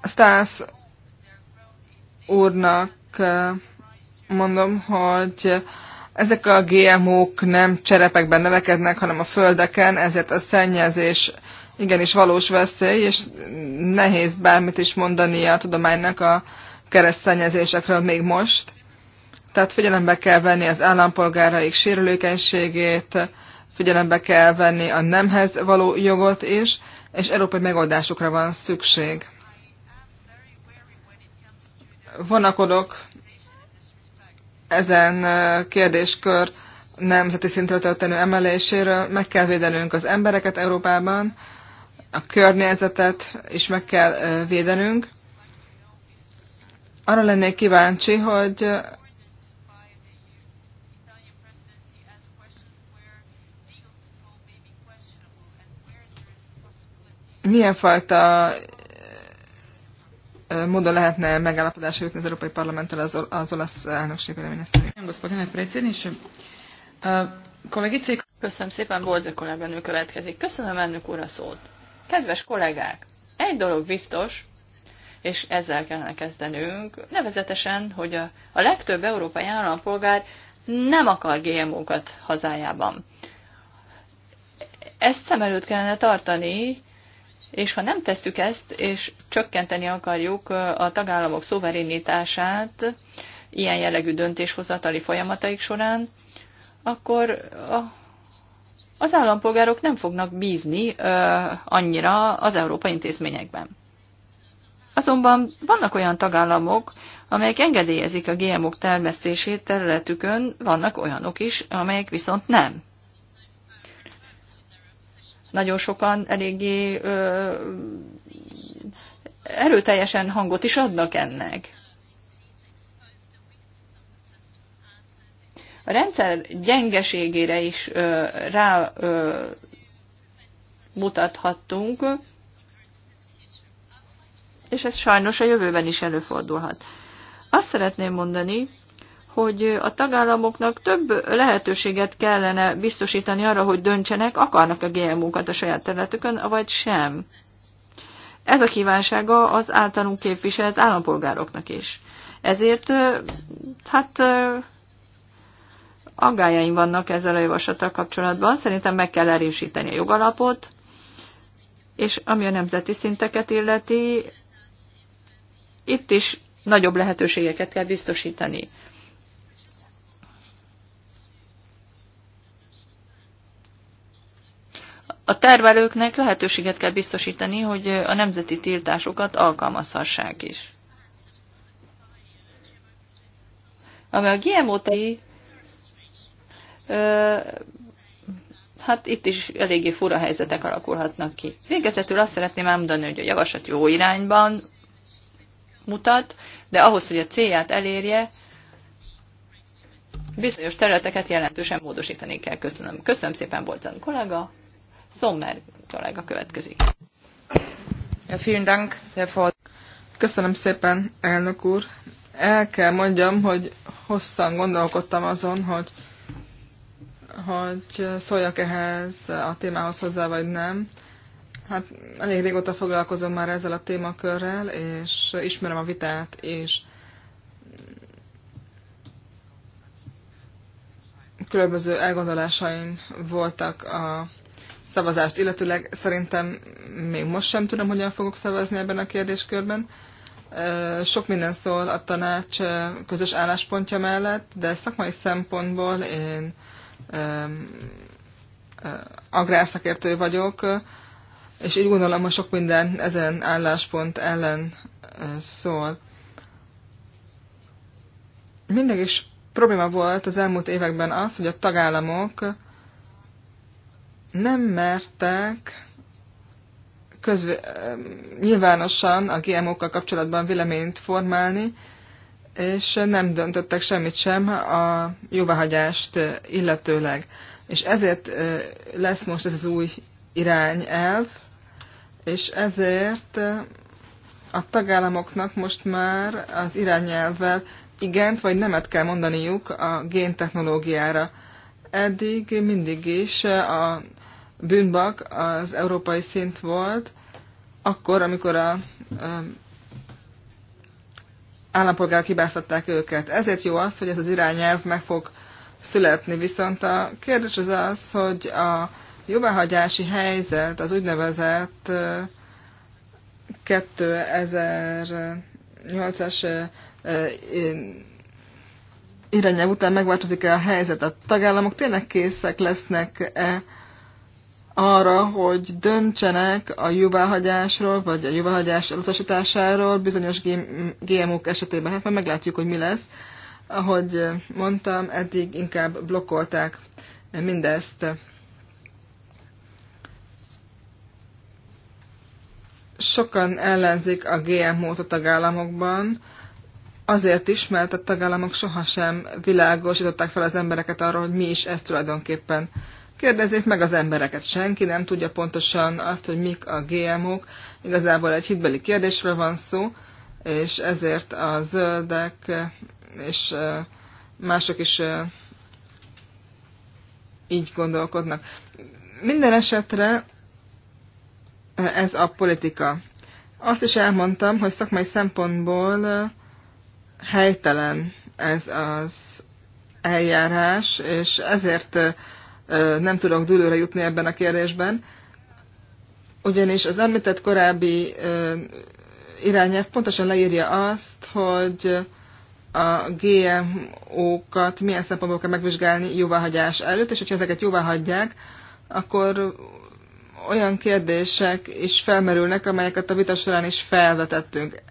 Stász úrnak mondom, hogy ezek a GMO-k nem cserepekben növekednek, hanem a földeken, ezért a szennyezés igenis valós veszély, és nehéz bármit is mondani a tudománynak a keresztszennyezésekről még most. Tehát figyelembe kell venni az állampolgáraik sérülékenységét, figyelembe kell venni a nemhez való jogot is, és európai megoldásokra van szükség. Vonakodok ezen kérdéskör nemzeti szintre történő emeléséről. Meg kell védenünk az embereket Európában, a környezetet is meg kell védenünk. Arra lennék kíváncsi, hogy milyen fajta módon lehetne megállapodásra jutni az Európai Parlamenttel az, az olasz elnökség véleménye szerint. Köszönöm szépen, Bolza kolléganő következik. Köszönöm elnök úr a szót. Kedves kollégák, egy dolog biztos, és ezzel kellene kezdenünk, nevezetesen, hogy a, a legtöbb európai állampolgár nem akar GMO-kat hazájában. Ezt szem előtt kellene tartani, és ha nem tesszük ezt, és csökkenteni akarjuk a tagállamok szuverénitását ilyen jellegű döntéshozatali folyamataik során, akkor a, az állampolgárok nem fognak bízni ö, annyira az európai intézményekben. Azonban vannak olyan tagállamok, amelyek engedélyezik a GMO-k termesztését területükön, vannak olyanok is, amelyek viszont nem nagyon sokan eléggé ö, erőteljesen hangot is adnak ennek. A rendszer gyengeségére is ö, rá ö, mutathattunk, és ez sajnos a jövőben is előfordulhat. Azt szeretném mondani, hogy a tagállamoknak több lehetőséget kellene biztosítani arra, hogy döntsenek, akarnak a GMO-kat a saját területükön, vagy sem. Ez a kívánsága az általunk képviselt állampolgároknak is. Ezért, hát aggájaim vannak ezzel a javaslattal kapcsolatban. Szerintem meg kell erősíteni a jogalapot, és ami a nemzeti szinteket illeti, itt is nagyobb lehetőségeket kell biztosítani. A termelőknek lehetőséget kell biztosítani, hogy a nemzeti tiltásokat alkalmazhassák is. Ami a GMO hát itt is eléggé fura helyzetek alakulhatnak ki. Végezetül azt szeretném elmondani, hogy a javaslat jó irányban mutat, de ahhoz, hogy a célját elérje, bizonyos területeket jelentősen módosítani kell. Köszönöm. Köszönöm szépen, Borzan kollega. Sommer kollega következik. Köszönöm szépen, elnök úr. El kell mondjam, hogy hosszan gondolkodtam azon, hogy, hogy szóljak ehhez a témához hozzá, vagy nem. Hát elég régóta foglalkozom már ezzel a témakörrel, és ismerem a vitát, és különböző elgondolásaim voltak a szavazást, illetőleg szerintem még most sem tudom, hogyan fogok szavazni ebben a kérdéskörben. Sok minden szól a tanács közös álláspontja mellett, de szakmai szempontból én agrárszakértő vagyok, és így gondolom, hogy sok minden ezen álláspont ellen szól. Mindig is probléma volt az elmúlt években az, hogy a tagállamok nem mertek közv- nyilvánosan a GMO-kkal kapcsolatban véleményt formálni, és nem döntöttek semmit sem a jóváhagyást illetőleg. És ezért lesz most ez az új irányelv, és ezért a tagállamoknak most már az irányelvvel igent vagy nemet kell mondaniuk a géntechnológiára. Eddig mindig is a bűnbak az európai szint volt, akkor, amikor a állampolgár hibáztatták őket. Ezért jó az, hogy ez az irányelv meg fog születni. Viszont a kérdés az az, hogy a jóváhagyási helyzet, az úgynevezett 2008-as irányelv után megváltozik-e a helyzet? A tagállamok tényleg készek lesznek-e arra, hogy döntsenek a jóváhagyásról, vagy a jóváhagyás elutasításáról bizonyos GMO-k esetében. Hát majd meglátjuk, hogy mi lesz. Ahogy mondtam, eddig inkább blokkolták mindezt. Sokan ellenzik a GMO-t a tagállamokban, azért is, mert a tagállamok sohasem világosították fel az embereket arról, hogy mi is ez tulajdonképpen. Kérdezzék meg az embereket, senki nem tudja pontosan azt, hogy mik a GMO-k. Igazából egy hitbeli kérdésről van szó, és ezért a zöldek és mások is így gondolkodnak. Minden esetre ez a politika. Azt is elmondtam, hogy szakmai szempontból helytelen ez az eljárás, és ezért nem tudok dőlőre jutni ebben a kérdésben, ugyanis az említett korábbi irányelv pontosan leírja azt, hogy a GMO-kat milyen szempontból kell megvizsgálni jóváhagyás előtt, és hogyha ezeket jóváhagyják, akkor olyan kérdések is felmerülnek, amelyeket a vita során is felvetettünk.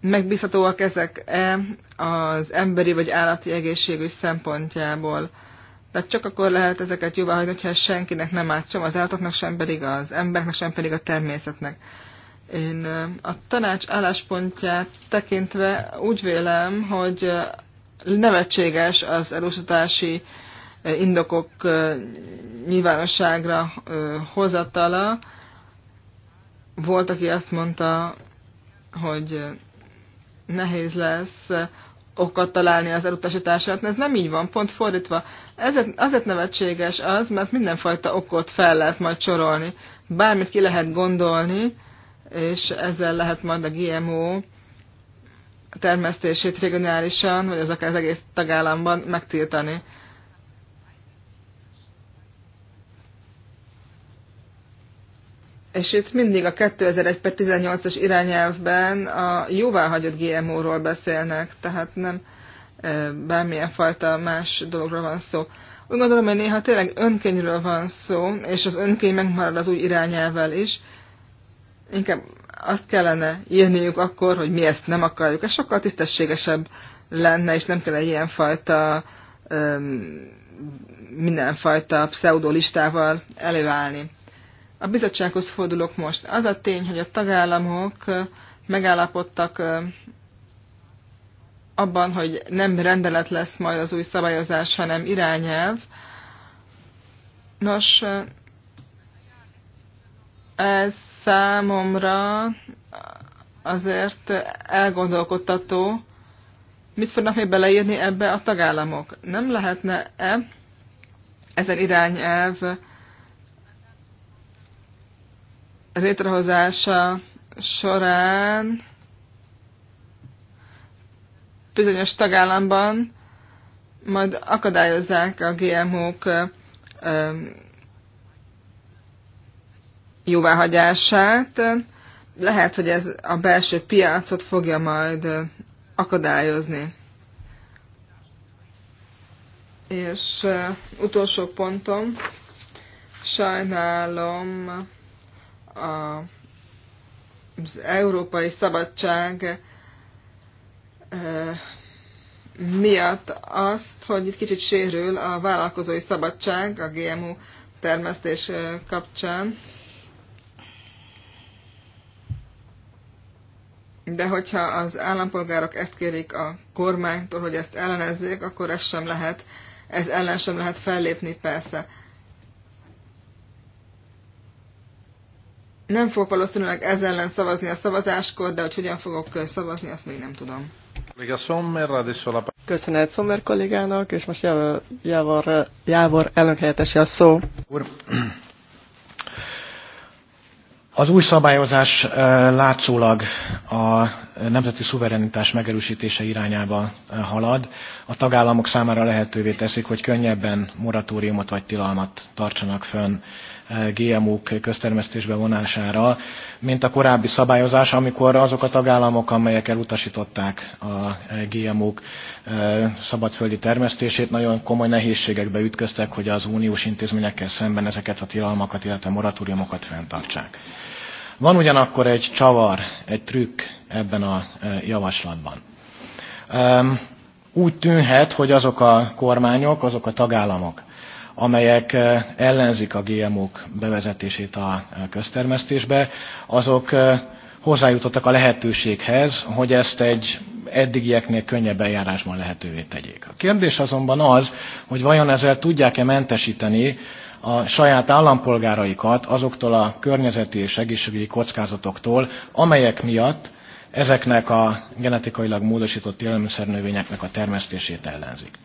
Megbízhatóak ezek-e az emberi vagy állati egészségügy szempontjából? de csak akkor lehet ezeket jóvá hagyni, hogyha senkinek nem állt, sem az állatoknak, sem pedig az embernek, sem pedig a természetnek. Én a tanács álláspontját tekintve úgy vélem, hogy nevetséges az elutasítási indokok nyilvánosságra hozatala. Volt, aki azt mondta, hogy nehéz lesz okot találni az elutasításra. Ez nem így van, pont fordítva. Ezért, azért nevetséges az, mert mindenfajta okot fel lehet majd sorolni. Bármit ki lehet gondolni, és ezzel lehet majd a GMO termesztését regionálisan, vagy az akár az egész tagállamban megtiltani. És itt mindig a 2001 per 18-as irányelvben a jóváhagyott GMO-ról beszélnek, tehát nem bármilyen fajta más dologról van szó. Úgy gondolom, hogy néha tényleg önkényről van szó, és az önkény megmarad az új irányelvvel is. Inkább azt kellene írniuk akkor, hogy mi ezt nem akarjuk. Ez sokkal tisztességesebb lenne, és nem kell egy ilyenfajta fajta mindenfajta pseudolistával előállni. A bizottsághoz fordulok most. Az a tény, hogy a tagállamok megállapodtak abban, hogy nem rendelet lesz majd az új szabályozás, hanem irányelv. Nos, ez számomra azért elgondolkodtató, mit fognak még beleírni ebbe a tagállamok. Nem lehetne-e ezen irányelv létrehozása során bizonyos tagállamban majd akadályozzák a GMO-k jóváhagyását. Lehet, hogy ez a belső piacot fogja majd akadályozni. És utolsó pontom, sajnálom, a, az európai szabadság miatt azt, hogy itt kicsit sérül a vállalkozói szabadság a GMO termesztés kapcsán. De hogyha az állampolgárok ezt kérik a kormánytól, hogy ezt ellenezzék, akkor ez sem lehet, ez ellen sem lehet fellépni persze. Nem fogok valószínűleg ez ellen szavazni a szavazáskor, de hogy hogyan fogok szavazni, azt még nem tudom. Köszönet Sommer kollégának, és most Jávor, Jávor, Jávor elnökhelyettesi a szó. Úr, az új szabályozás látszólag a nemzeti szuverenitás megerősítése irányába halad. A tagállamok számára lehetővé teszik, hogy könnyebben moratóriumot vagy tilalmat tartsanak fönn GMO-k köztermesztésbe vonására, mint a korábbi szabályozás, amikor azok a tagállamok, amelyek elutasították a GMO-k szabadföldi termesztését, nagyon komoly nehézségekbe ütköztek, hogy az uniós intézményekkel szemben ezeket a tilalmakat, illetve moratóriumokat fenntartsák. Van ugyanakkor egy csavar, egy trükk ebben a javaslatban. Úgy tűnhet, hogy azok a kormányok, azok a tagállamok, amelyek eh, ellenzik a GMO-k bevezetését a eh, köztermesztésbe, azok eh, hozzájutottak a lehetőséghez, hogy ezt egy eddigieknél könnyebb eljárásban lehetővé tegyék. A kérdés azonban az, hogy vajon ezzel tudják-e mentesíteni a saját állampolgáraikat azoktól a környezeti és egészségügyi kockázatoktól, amelyek miatt ezeknek a genetikailag módosított élelmiszernövényeknek a termesztését ellenzik.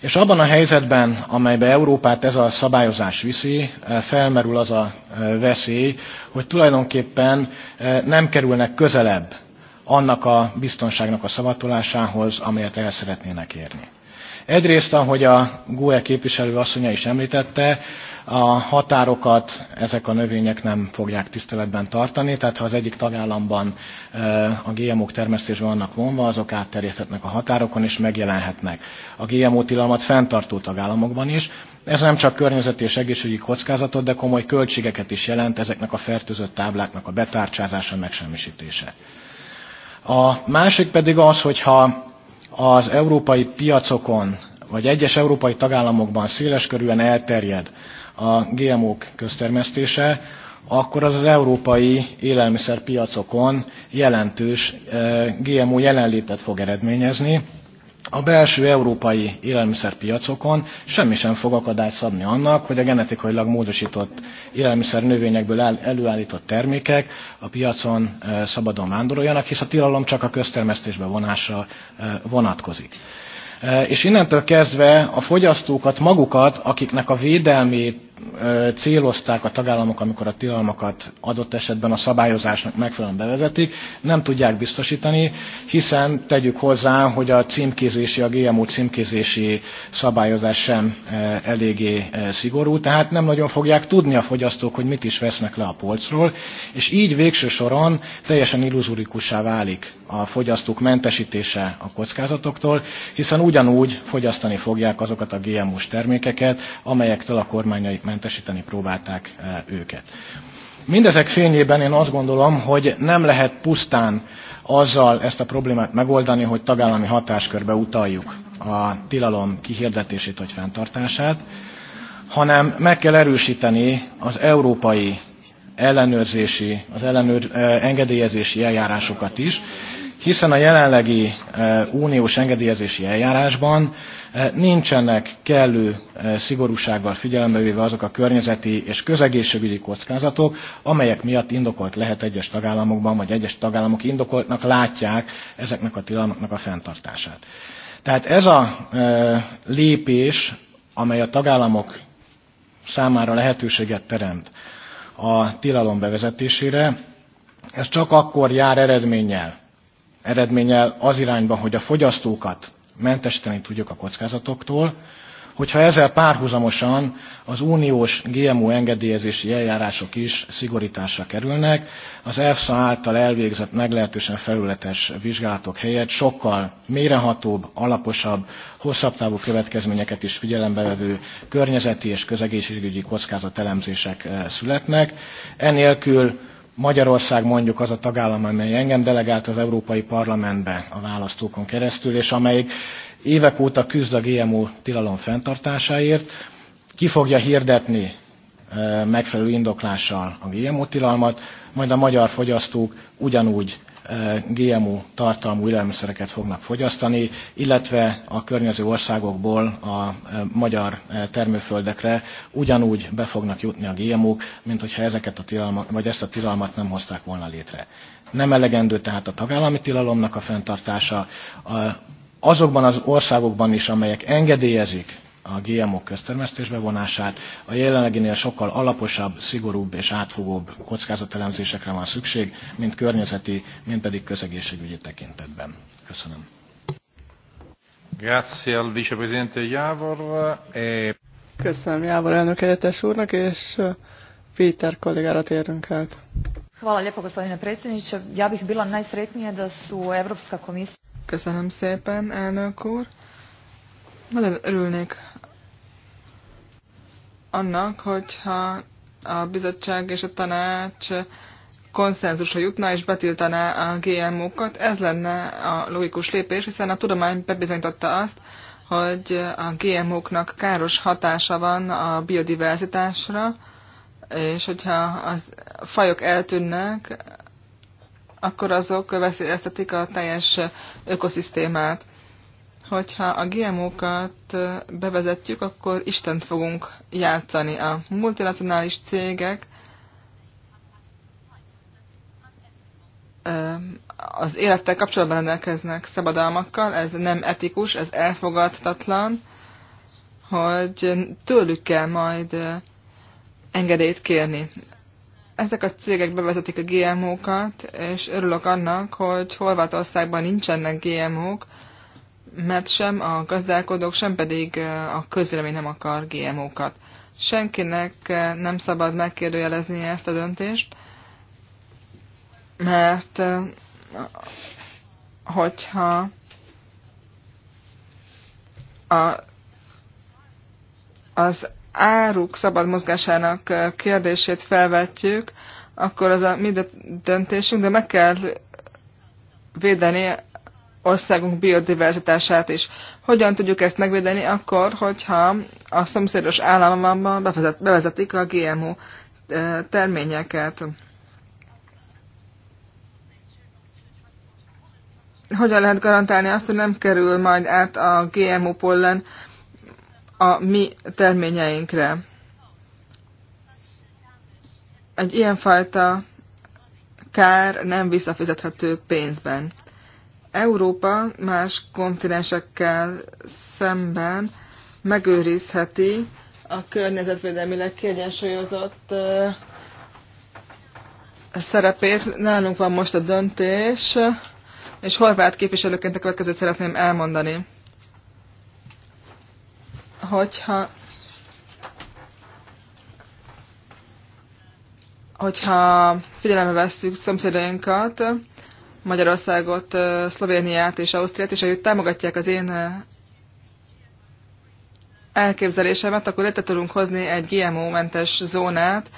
És abban a helyzetben, amelybe Európát ez a szabályozás viszi, eh, felmerül az a eh, veszély, hogy tulajdonképpen eh, nem kerülnek közelebb annak a biztonságnak a szavatolásához, amelyet el szeretnének érni. Egyrészt, ahogy a GUE képviselő asszonya is említette, a határokat ezek a növények nem fogják tiszteletben tartani, tehát ha az egyik tagállamban a GMO-k termesztésben vannak vonva, azok átterjedhetnek a határokon és megjelenhetnek. A GMO tilalmat fenntartó tagállamokban is. Ez nem csak környezeti és egészségügyi kockázatot, de komoly költségeket is jelent ezeknek a fertőzött tábláknak a betárcsázása, megsemmisítése. A másik pedig az, hogyha az európai piacokon, vagy egyes európai tagállamokban széleskörűen elterjed a GMO-k köztermesztése, akkor az az európai élelmiszerpiacokon jelentős e, GMO jelenlétet fog eredményezni. A belső európai élelmiszerpiacokon semmi sem fog akadályt szabni annak, hogy a genetikailag módosított élelmiszer növényekből előállított termékek a piacon e, szabadon vándoroljanak, hisz a tilalom csak a köztermesztésbe vonásra e, vonatkozik. És innentől kezdve a fogyasztókat magukat, akiknek a védelmét célozták a tagállamok, amikor a tilalmakat adott esetben a szabályozásnak megfelelően bevezetik, nem tudják biztosítani, hiszen tegyük hozzá, hogy a címkézési, a GMO címkézési szabályozás sem eléggé szigorú, tehát nem nagyon fogják tudni a fogyasztók, hogy mit is vesznek le a polcról, és így végső soron teljesen illuzorikussá válik a fogyasztók mentesítése a kockázatoktól, hiszen ugyanúgy fogyasztani fogják azokat a GMO-s termékeket, amelyektől a kormányai mentesíteni próbálták eh, őket. Mindezek fényében én azt gondolom, hogy nem lehet pusztán azzal ezt a problémát megoldani, hogy tagállami hatáskörbe utaljuk a tilalom kihirdetését vagy fenntartását, hanem meg kell erősíteni az európai ellenőrzési, az ellenőr, eh, engedélyezési eljárásokat is, hiszen a jelenlegi e, uniós engedélyezési eljárásban e, nincsenek kellő e, szigorúsággal figyelembe véve azok a környezeti és közegészségügyi kockázatok, amelyek miatt indokolt lehet egyes tagállamokban, vagy egyes tagállamok indokoltnak látják ezeknek a tilalmaknak a fenntartását. Tehát ez a lépés, amely a tagállamok számára lehetőséget teremt a tilalom bevezetésére, ez csak akkor jár eredménnyel, eredménnyel az irányba, hogy a fogyasztókat mentesíteni tudjuk a kockázatoktól, hogyha ezzel párhuzamosan az uniós GMO engedélyezési eljárások is szigorításra kerülnek, az EFSA által elvégzett meglehetősen felületes vizsgálatok helyett sokkal mérehatóbb, alaposabb, hosszabb távú következményeket is figyelembe vevő környezeti és közegészségügyi kockázatelemzések eh, születnek. Enélkül Magyarország mondjuk az a tagállam, amely engem delegált az Európai Parlamentbe a választókon keresztül, és amelyik évek óta küzd a GMO tilalom fenntartásáért, ki fogja hirdetni eh, megfelelő indoklással a GMO tilalmat, majd a magyar fogyasztók ugyanúgy GMO tartalmú élelmiszereket fognak fogyasztani, illetve a környező országokból a magyar termőföldekre ugyanúgy be fognak jutni a GMO-k, mint hogyha ezeket a tilalmat, vagy ezt a tilalmat nem hozták volna létre. Nem elegendő tehát a tagállami tilalomnak a fenntartása, azokban az országokban is, amelyek engedélyezik a GMO köztermesztésbe vonását. A jelenleginél sokkal alaposabb, szigorúbb és átfogóbb kockázatelemzésekre van szükség, mint környezeti, mint pedig közegészségügyi tekintetben. Köszönöm. al e- Köszönöm Jávor elnök helyettes úrnak, és Péter kollégára térünk át. Hvala lijepo gospodine predsjedniče. Ja bih bila najsretnije da su Evropska komisija Köszönöm szépen, elnök úr. Nagyon örülnék annak, hogyha a bizottság és a tanács konszenzusra jutna és betiltaná a GMO-kat. Ez lenne a logikus lépés, hiszen a tudomány bebizonyította azt, hogy a GMO-knak káros hatása van a biodiverzitásra, és hogyha az fajok eltűnnek, akkor azok veszélyeztetik a teljes ökoszisztémát hogyha a GMO-kat bevezetjük, akkor Istent fogunk játszani. A multinacionális cégek az élettel kapcsolatban rendelkeznek szabadalmakkal, ez nem etikus, ez elfogadhatatlan, hogy tőlük kell majd engedélyt kérni. Ezek a cégek bevezetik a GMO-kat, és örülök annak, hogy Horvátországban nincsenek GMO-k, mert sem a gazdálkodók, sem pedig a közlemény nem akar GMO-kat. Senkinek nem szabad megkérdőjelezni ezt a döntést, mert hogyha a, az áruk szabad mozgásának kérdését felvetjük, akkor az a mi döntésünk, de meg kell védeni országunk biodiverzitását is. Hogyan tudjuk ezt megvédeni akkor, hogyha a szomszédos államokban bevezet, bevezetik a GMO eh, terményeket? Hogyan lehet garantálni azt, hogy nem kerül majd át a GMO pollen a mi terményeinkre? Egy ilyenfajta kár nem visszafizethető pénzben. Európa más kontinensekkel szemben megőrizheti a környezetvédelmileg kiegyensúlyozott szerepét. Nálunk van most a döntés, és horvát képviselőként a következőt szeretném elmondani. Hogyha hogyha figyelembe vesszük szomszédainkat, Magyarországot, Szlovéniát és Ausztriát, és ahogy támogatják az én elképzelésemet, akkor létre tudunk hozni egy GMO-mentes zónát,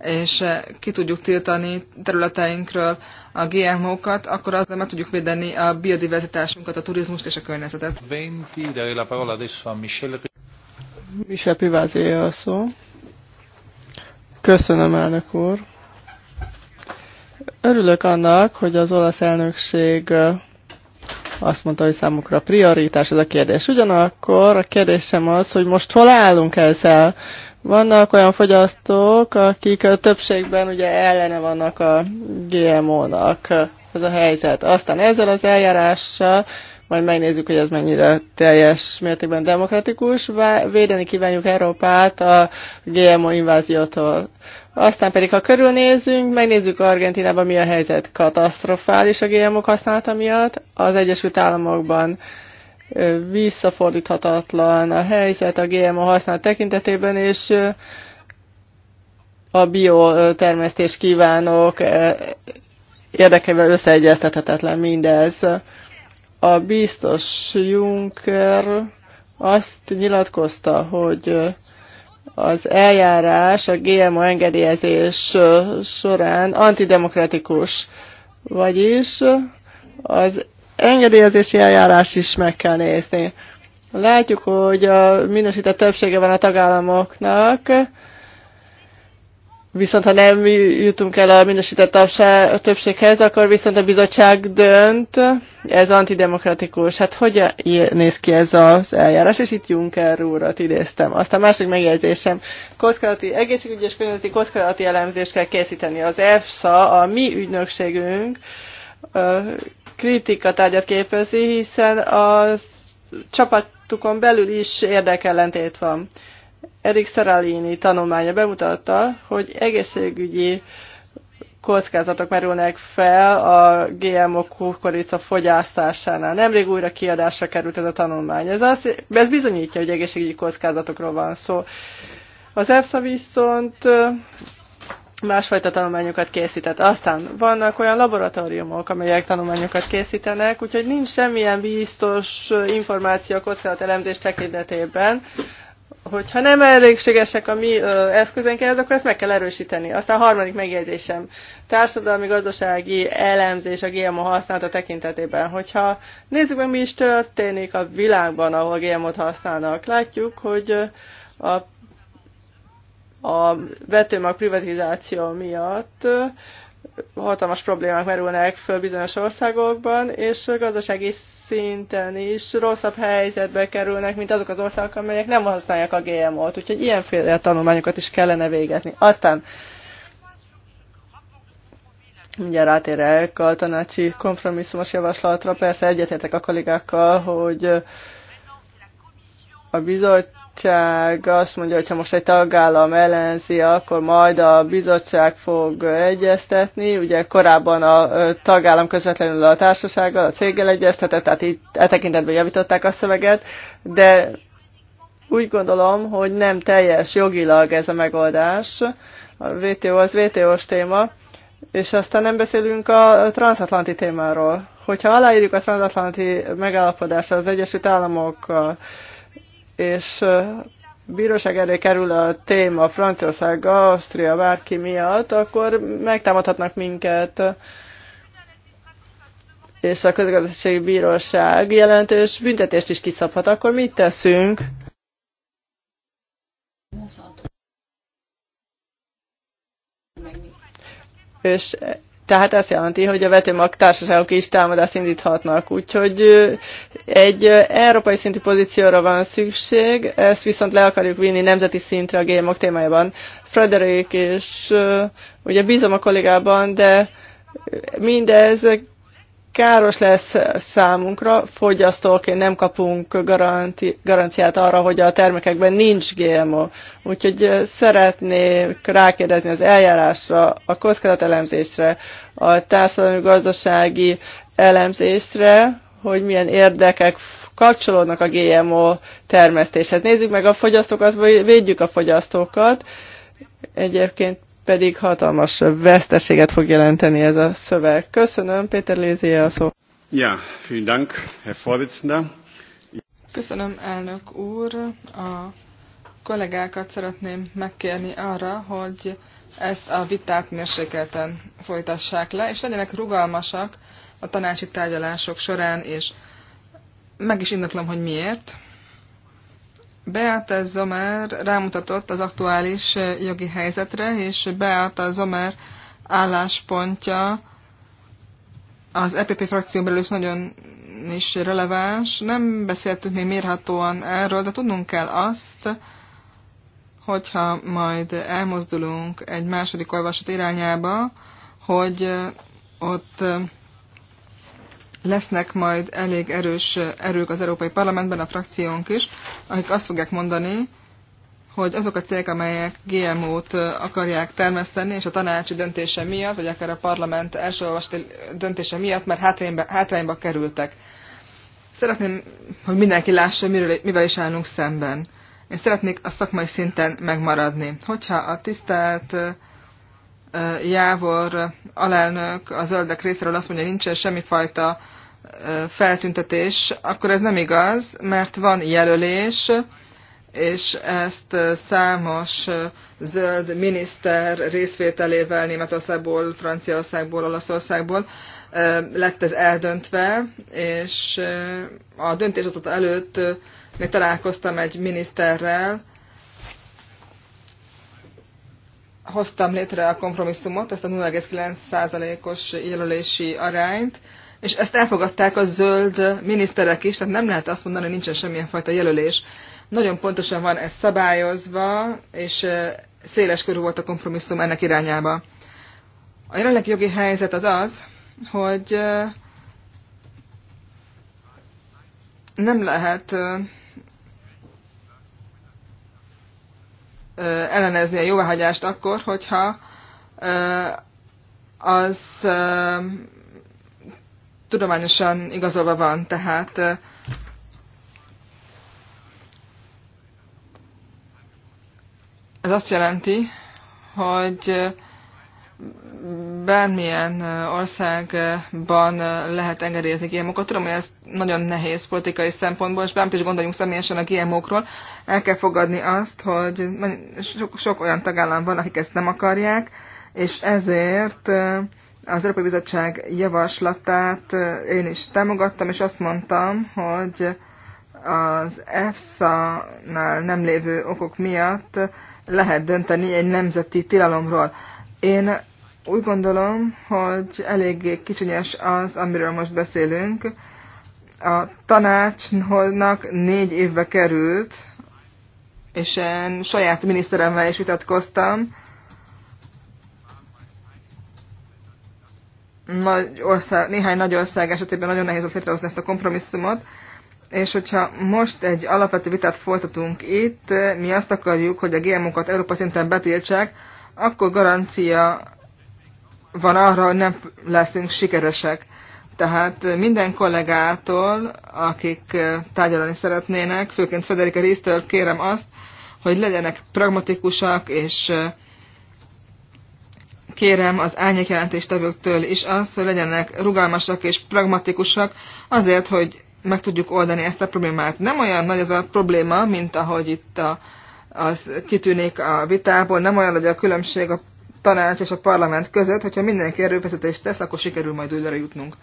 és ki tudjuk tiltani területeinkről a GMO-kat, akkor azzal meg tudjuk védeni a biodiverzitásunkat, a turizmust és a környezetet. Michel Pivázé a szó. Köszönöm, elnök úr. Örülök annak, hogy az olasz elnökség azt mondta, hogy számukra prioritás ez a kérdés. Ugyanakkor a kérdésem az, hogy most hol állunk ezzel? Vannak olyan fogyasztók, akik a többségben ugye ellene vannak a GMO-nak. Ez a helyzet. Aztán ezzel az eljárással majd megnézzük, hogy ez mennyire teljes mértékben demokratikus. Védeni kívánjuk Európát a GMO inváziótól. Aztán pedig, ha körülnézünk, megnézzük Argentinában mi a helyzet. Katasztrofális a gmo használata miatt. Az Egyesült Államokban visszafordíthatatlan a helyzet a GMO használat tekintetében, és a biotermesztés kívánok érdekevel összeegyeztethetetlen mindez. A biztos Juncker azt nyilatkozta, hogy az eljárás a GMO engedélyezés során antidemokratikus, vagyis az engedélyezési eljárás is meg kell nézni. Látjuk, hogy a minősített többsége van a tagállamoknak, Viszont ha nem jutunk el a minősített a többséghez, akkor viszont a bizottság dönt, ez antidemokratikus. Hát hogyan néz ki ez az eljárás? És itt Juncker úrat idéztem. Aztán másik megjegyzésem. Kockázati, egészségügyi és környezeti kockázati elemzést kell készíteni. Az EFSA, a mi ügynökségünk kritikatárgyat képezi, hiszen a csapatukon belül is érdekellentét van Erik Szeralini tanulmánya bemutatta, hogy egészségügyi kockázatok merülnek fel a GMO kukorica fogyasztásánál. Nemrég újra kiadásra került ez a tanulmány. Ez, azt, ez bizonyítja, hogy egészségügyi kockázatokról van szó. Az EFSA viszont másfajta tanulmányokat készített. Aztán vannak olyan laboratóriumok, amelyek tanulmányokat készítenek, úgyhogy nincs semmilyen biztos információ a elemzés tekintetében, hogyha nem elégségesek a mi ö, eszközeink akkor ezt meg kell erősíteni. Aztán a harmadik megjegyzésem. Társadalmi-gazdasági elemzés a GMO használata tekintetében. Hogyha nézzük meg, mi is történik a világban, ahol GMO-t használnak. Látjuk, hogy a, a vetőmag privatizáció miatt hatalmas problémák merülnek föl bizonyos országokban, és gazdasági szinten is rosszabb helyzetbe kerülnek, mint azok az országok, amelyek nem használják a GMO-t. Úgyhogy ilyenféle tanulmányokat is kellene végezni. Aztán mindjárt rátérek a tanácsi kompromisszumos javaslatra. Persze egyetértek a kollégákkal, hogy a bizottság bizottság azt mondja, hogy ha most egy tagállam ellenzi, akkor majd a bizottság fog egyeztetni. Ugye korábban a tagállam közvetlenül a társasággal, a céggel egyeztetett, tehát itt e tekintetben javították a szöveget, de úgy gondolom, hogy nem teljes jogilag ez a megoldás. A VTO az VTO-s téma, és aztán nem beszélünk a transatlanti témáról. Hogyha aláírjuk a transatlanti megállapodást az Egyesült Államokkal, és bíróság elé kerül a téma Franciaország, Ausztria, bárki miatt, akkor megtámadhatnak minket. És a közgazdasági bíróság jelentős büntetést is kiszabhat, akkor mit teszünk? És tehát ezt jelenti, hogy a vetőmag társaságok is támadást indíthatnak. Úgyhogy egy európai szintű pozícióra van szükség, ezt viszont le akarjuk vinni nemzeti szintre a gémok témájában. Frederik és ugye bízom a kollégában, de mindez káros lesz számunkra, fogyasztóként nem kapunk garanti, garanciát arra, hogy a termékekben nincs GMO. Úgyhogy szeretnék rákérdezni az eljárásra, a kockázatelemzésre, a társadalmi-gazdasági elemzésre, hogy milyen érdekek kapcsolódnak a GMO termesztéshez. Nézzük meg a fogyasztókat, vagy védjük a fogyasztókat. Egyébként pedig hatalmas veszteséget fog jelenteni ez a szöveg. Köszönöm, Péter Lézi, a szó. Ja, vielen Dank, Herr Vorsitzender. Köszönöm, elnök úr. A kollégákat szeretném megkérni arra, hogy ezt a vitát mérsékelten folytassák le, és legyenek rugalmasak a tanácsi tárgyalások során, és meg is indoklom, hogy miért. Beata Zomer rámutatott az aktuális jogi helyzetre, és Beata Zomer álláspontja az EPP frakcióban belül is nagyon is releváns. Nem beszéltünk még mérhatóan erről, de tudnunk kell azt, hogyha majd elmozdulunk egy második olvasat irányába, hogy ott lesznek majd elég erős erők az Európai Parlamentben, a frakciónk is, akik azt fogják mondani, hogy azok a cégek, amelyek GMO-t akarják termeszteni, és a tanácsi döntése miatt, vagy akár a parlament első döntése miatt mert hátrányba, hátrányba kerültek. Szeretném, hogy mindenki lássa, miről, mivel is állunk szemben. Én szeretnék a szakmai szinten megmaradni. Hogyha a tisztelt uh, Jávor alelnök a zöldek részéről azt mondja, nincsen semmifajta feltüntetés, akkor ez nem igaz, mert van jelölés, és ezt számos zöld miniszter részvételével Németországból, Franciaországból, Olaszországból lett ez eldöntve, és a döntéshozata előtt még találkoztam egy miniszterrel, hoztam létre a kompromisszumot, ezt a 0,9%-os jelölési arányt, és ezt elfogadták a zöld miniszterek is, tehát nem lehet azt mondani, hogy nincsen semmilyen fajta jelölés. Nagyon pontosan van ez szabályozva, és széles körű volt a kompromisszum ennek irányába. A jelenlegi jogi helyzet az az, hogy nem lehet ellenezni a jóváhagyást akkor, hogyha az tudományosan igazolva van. Tehát ez azt jelenti, hogy bármilyen országban lehet engedélyezni GMO-kat. Tudom, hogy ez nagyon nehéz politikai szempontból, és bármit is gondoljunk személyesen a GMO-król, el kell fogadni azt, hogy sok, sok olyan tagállam van, akik ezt nem akarják, és ezért az Európai Bizottság javaslatát én is támogattam, és azt mondtam, hogy az EFSA-nál nem lévő okok miatt lehet dönteni egy nemzeti tilalomról. Én úgy gondolom, hogy eléggé kicsinyes az, amiről most beszélünk. A tanácsnak négy évbe került, és én saját miniszteremmel is vitatkoztam. Nagy ország, néhány nagy ország esetében nagyon nehéz volt létrehozni ezt a kompromisszumot, és hogyha most egy alapvető vitát folytatunk itt, mi azt akarjuk, hogy a GMO-kat Európa szinten betiltsák, akkor garancia van arra, hogy nem leszünk sikeresek. Tehát minden kollégától, akik tárgyalni szeretnének, főként Federica Résztől kérem azt, hogy legyenek pragmatikusak, és kérem az jelentéstevőktől is azt, hogy legyenek rugalmasak és pragmatikusak azért, hogy meg tudjuk oldani ezt a problémát. Nem olyan nagy az a probléma, mint ahogy itt a, az kitűnik a vitából, nem olyan nagy a különbség a tanács és a parlament között, hogyha mindenki erőfeszítést tesz, akkor sikerül majd újra jutnunk.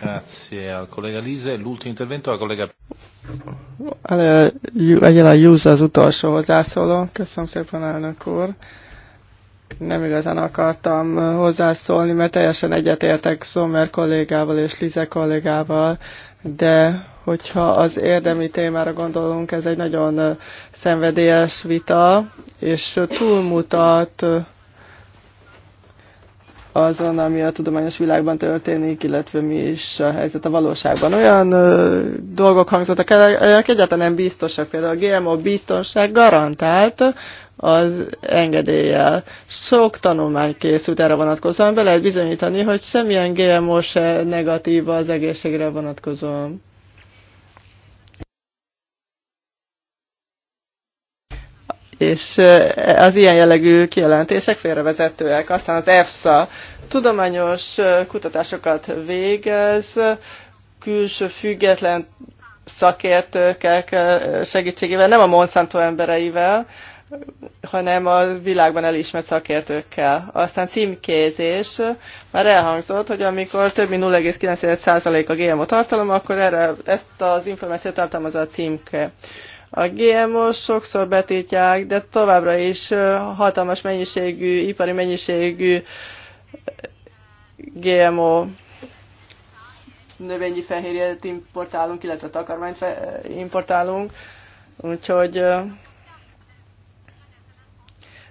Grazie al collega Lise. L'ultimo intervento al collega... Egyel a Júz az utolsó hozzászóló. Köszönöm szépen, elnök úr. Nem igazán akartam hozzászólni, mert teljesen egyetértek Szomer kollégával és Lize kollégával, de hogyha az érdemi témára gondolunk, ez egy nagyon szenvedélyes vita, és túlmutat azon, ami a tudományos világban történik, illetve mi is a helyzet a valóságban. Olyan ö, dolgok hangzottak el, amelyek egyáltalán nem biztosak, például a GMO biztonság garantált az engedéllyel. Sok tanulmány készült erre vonatkozóan, be lehet bizonyítani, hogy semmilyen GMO se negatív az egészségre vonatkozóan. és az ilyen jellegű kijelentések félrevezetőek. Aztán az EFSA tudományos kutatásokat végez, külső független szakértőkek segítségével, nem a Monsanto embereivel, hanem a világban elismert szakértőkkel. Aztán címkézés. Már elhangzott, hogy amikor több mint 0,9% a GMO tartalom, akkor erre ezt az információt tartalmazza a címke. A GMO sokszor betiltják, de továbbra is hatalmas mennyiségű, ipari mennyiségű GMO növényi fehérjét importálunk, illetve takarmányt importálunk, úgyhogy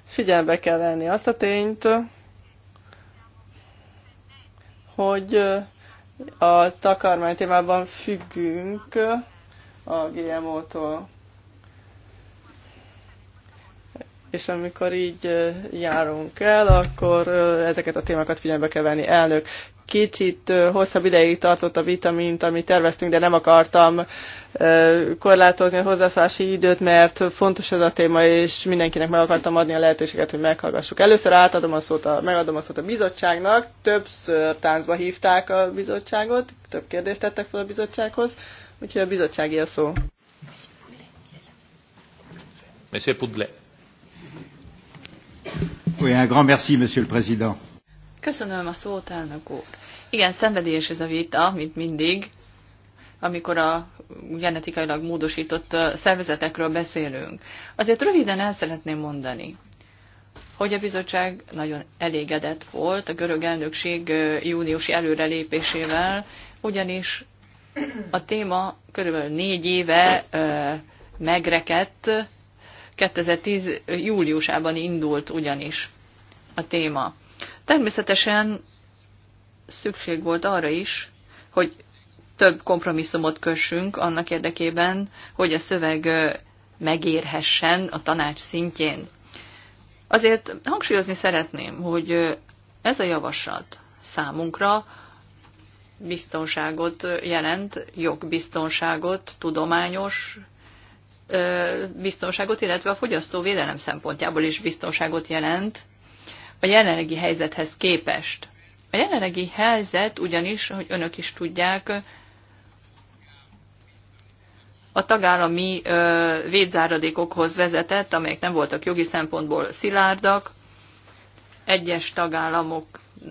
figyelembe kell venni azt a tényt, hogy a takarmány témában függünk a GMO-tól. és amikor így járunk el, akkor ezeket a témákat figyelembe kell venni. Elnök, kicsit hosszabb ideig tartott a vita, mint amit terveztünk, de nem akartam korlátozni a hozzászási időt, mert fontos ez a téma, és mindenkinek meg akartam adni a lehetőséget, hogy meghallgassuk. Először átadom a szót a, megadom a szót a bizottságnak, többször táncba hívták a bizottságot, több kérdést tettek fel a bizottsághoz, úgyhogy a bizottsági a szó. Monsieur Poudlet. Oui, un grand merci, monsieur le président. Köszönöm a szót, elnök úr. Igen, szenvedélyes ez a vita, mint mindig, amikor a genetikailag módosított szervezetekről beszélünk. Azért röviden el szeretném mondani, hogy a bizottság nagyon elégedett volt a görög elnökség júniusi előrelépésével, ugyanis a téma körülbelül négy éve megrekedt, 2010. júliusában indult ugyanis a téma. Természetesen szükség volt arra is, hogy több kompromisszumot kössünk annak érdekében, hogy a szöveg megérhessen a tanács szintjén. Azért hangsúlyozni szeretném, hogy ez a javaslat számunkra biztonságot jelent, jogbiztonságot, tudományos biztonságot, illetve a fogyasztóvédelem szempontjából is biztonságot jelent, a jelenlegi helyzethez képest. A jelenlegi helyzet ugyanis, hogy önök is tudják, a tagállami védzáradékokhoz vezetett, amelyek nem voltak jogi szempontból szilárdak. Egyes tagállamok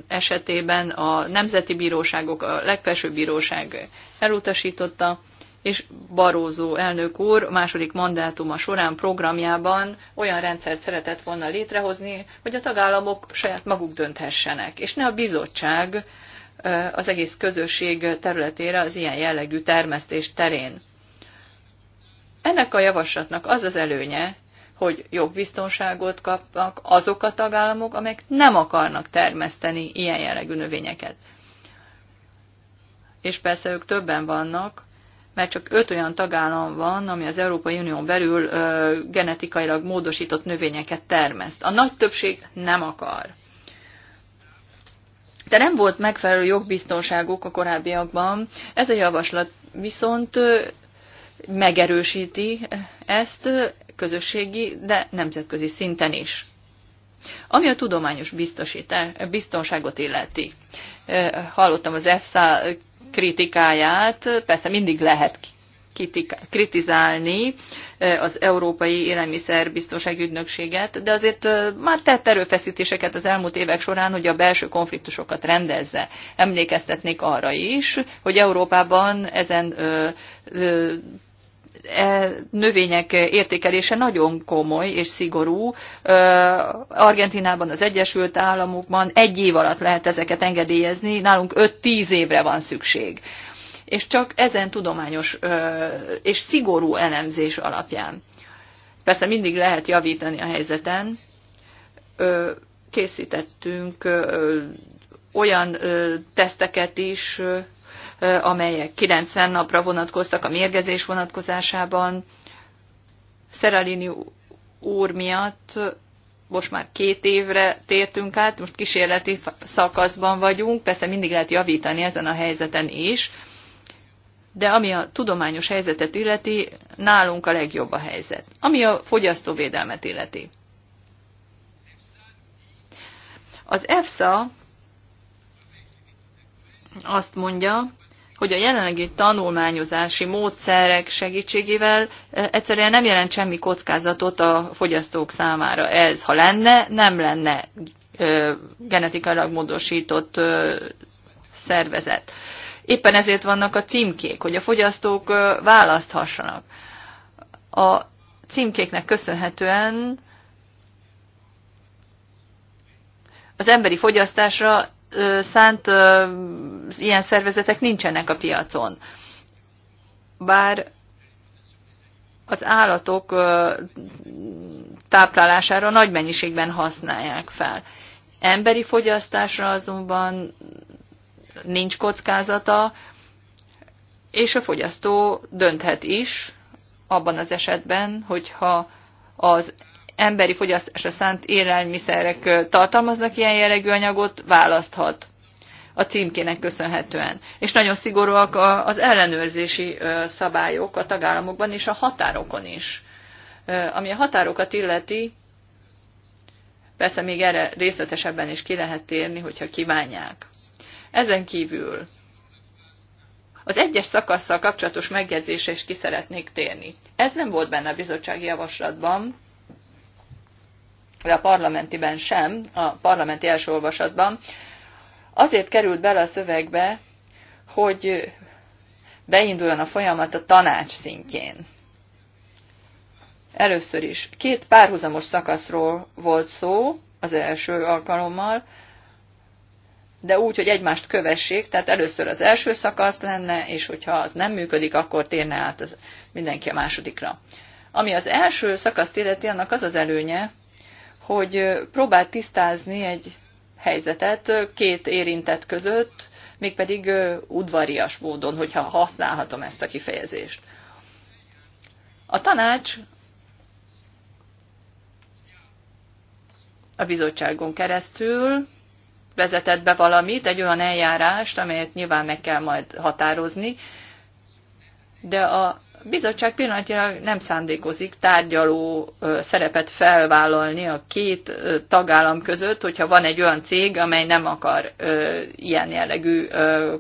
esetében a nemzeti bíróságok, a legfelsőbb bíróság elutasította, és Barózó elnök úr második mandátuma során programjában olyan rendszert szeretett volna létrehozni, hogy a tagállamok saját maguk dönthessenek, és ne a bizottság az egész közösség területére az ilyen jellegű termesztés terén. Ennek a javaslatnak az az előnye, hogy jogbiztonságot kapnak azok a tagállamok, amelyek nem akarnak termeszteni ilyen jellegű növényeket. És persze ők többen vannak, mert csak öt olyan tagállam van, ami az Európai Unión belül ö, genetikailag módosított növényeket termeszt. A nagy többség nem akar. De nem volt megfelelő jogbiztonságuk a korábbiakban. Ez a javaslat viszont megerősíti ezt közösségi, de nemzetközi szinten is. Ami a tudományos biztonságot illeti. Hallottam az EFSA kritikáját. Persze mindig lehet kritizálni az Európai Élelmiszerbiztonsági Ügynökséget, de azért már tett erőfeszítéseket az elmúlt évek során, hogy a belső konfliktusokat rendezze. Emlékeztetnék arra is, hogy Európában ezen E, növények értékelése nagyon komoly és szigorú. E, Argentinában, az Egyesült Államokban egy év alatt lehet ezeket engedélyezni, nálunk 5-10 évre van szükség. És csak ezen tudományos e, és szigorú elemzés alapján. Persze mindig lehet javítani a helyzeten. Készítettünk olyan teszteket is, amelyek 90 napra vonatkoztak a mérgezés vonatkozásában. Szeralini úr miatt most már két évre tértünk át, most kísérleti szakaszban vagyunk, persze mindig lehet javítani ezen a helyzeten is, de ami a tudományos helyzetet illeti, nálunk a legjobb a helyzet. Ami a fogyasztóvédelmet illeti. Az EFSA azt mondja, hogy a jelenlegi tanulmányozási módszerek segítségével e, egyszerűen nem jelent semmi kockázatot a fogyasztók számára. Ez, ha lenne, nem lenne genetikailag módosított szervezet. Éppen ezért vannak a címkék, hogy a fogyasztók választhassanak. A címkéknek köszönhetően az emberi fogyasztásra szánt ilyen szervezetek nincsenek a piacon. Bár az állatok táplálására nagy mennyiségben használják fel. Emberi fogyasztásra azonban nincs kockázata, és a fogyasztó dönthet is abban az esetben, hogyha az emberi fogyasztásra szánt élelmiszerek tartalmaznak ilyen jellegű anyagot, választhat a címkének köszönhetően. És nagyon szigorúak az ellenőrzési szabályok a tagállamokban és a határokon is. Ami a határokat illeti, persze még erre részletesebben is ki lehet térni, hogyha kívánják. Ezen kívül az egyes szakaszsal kapcsolatos megjegyzésre is ki szeretnék térni. Ez nem volt benne a bizottsági javaslatban, de a parlamentiben sem, a parlamenti első olvasatban, azért került bele a szövegbe, hogy beinduljon a folyamat a tanács szintjén. Először is két párhuzamos szakaszról volt szó az első alkalommal, de úgy, hogy egymást kövessék, tehát először az első szakasz lenne, és hogyha az nem működik, akkor térne át az mindenki a másodikra. Ami az első szakaszt illeti, annak az az előnye, hogy próbált tisztázni egy helyzetet két érintett között, mégpedig udvarias módon, hogyha használhatom ezt a kifejezést. A tanács a bizottságon keresztül vezetett be valamit, egy olyan eljárást, amelyet nyilván meg kell majd határozni, de a bizottság pillanatilag nem szándékozik tárgyaló szerepet felvállalni a két tagállam között, hogyha van egy olyan cég, amely nem akar ilyen jellegű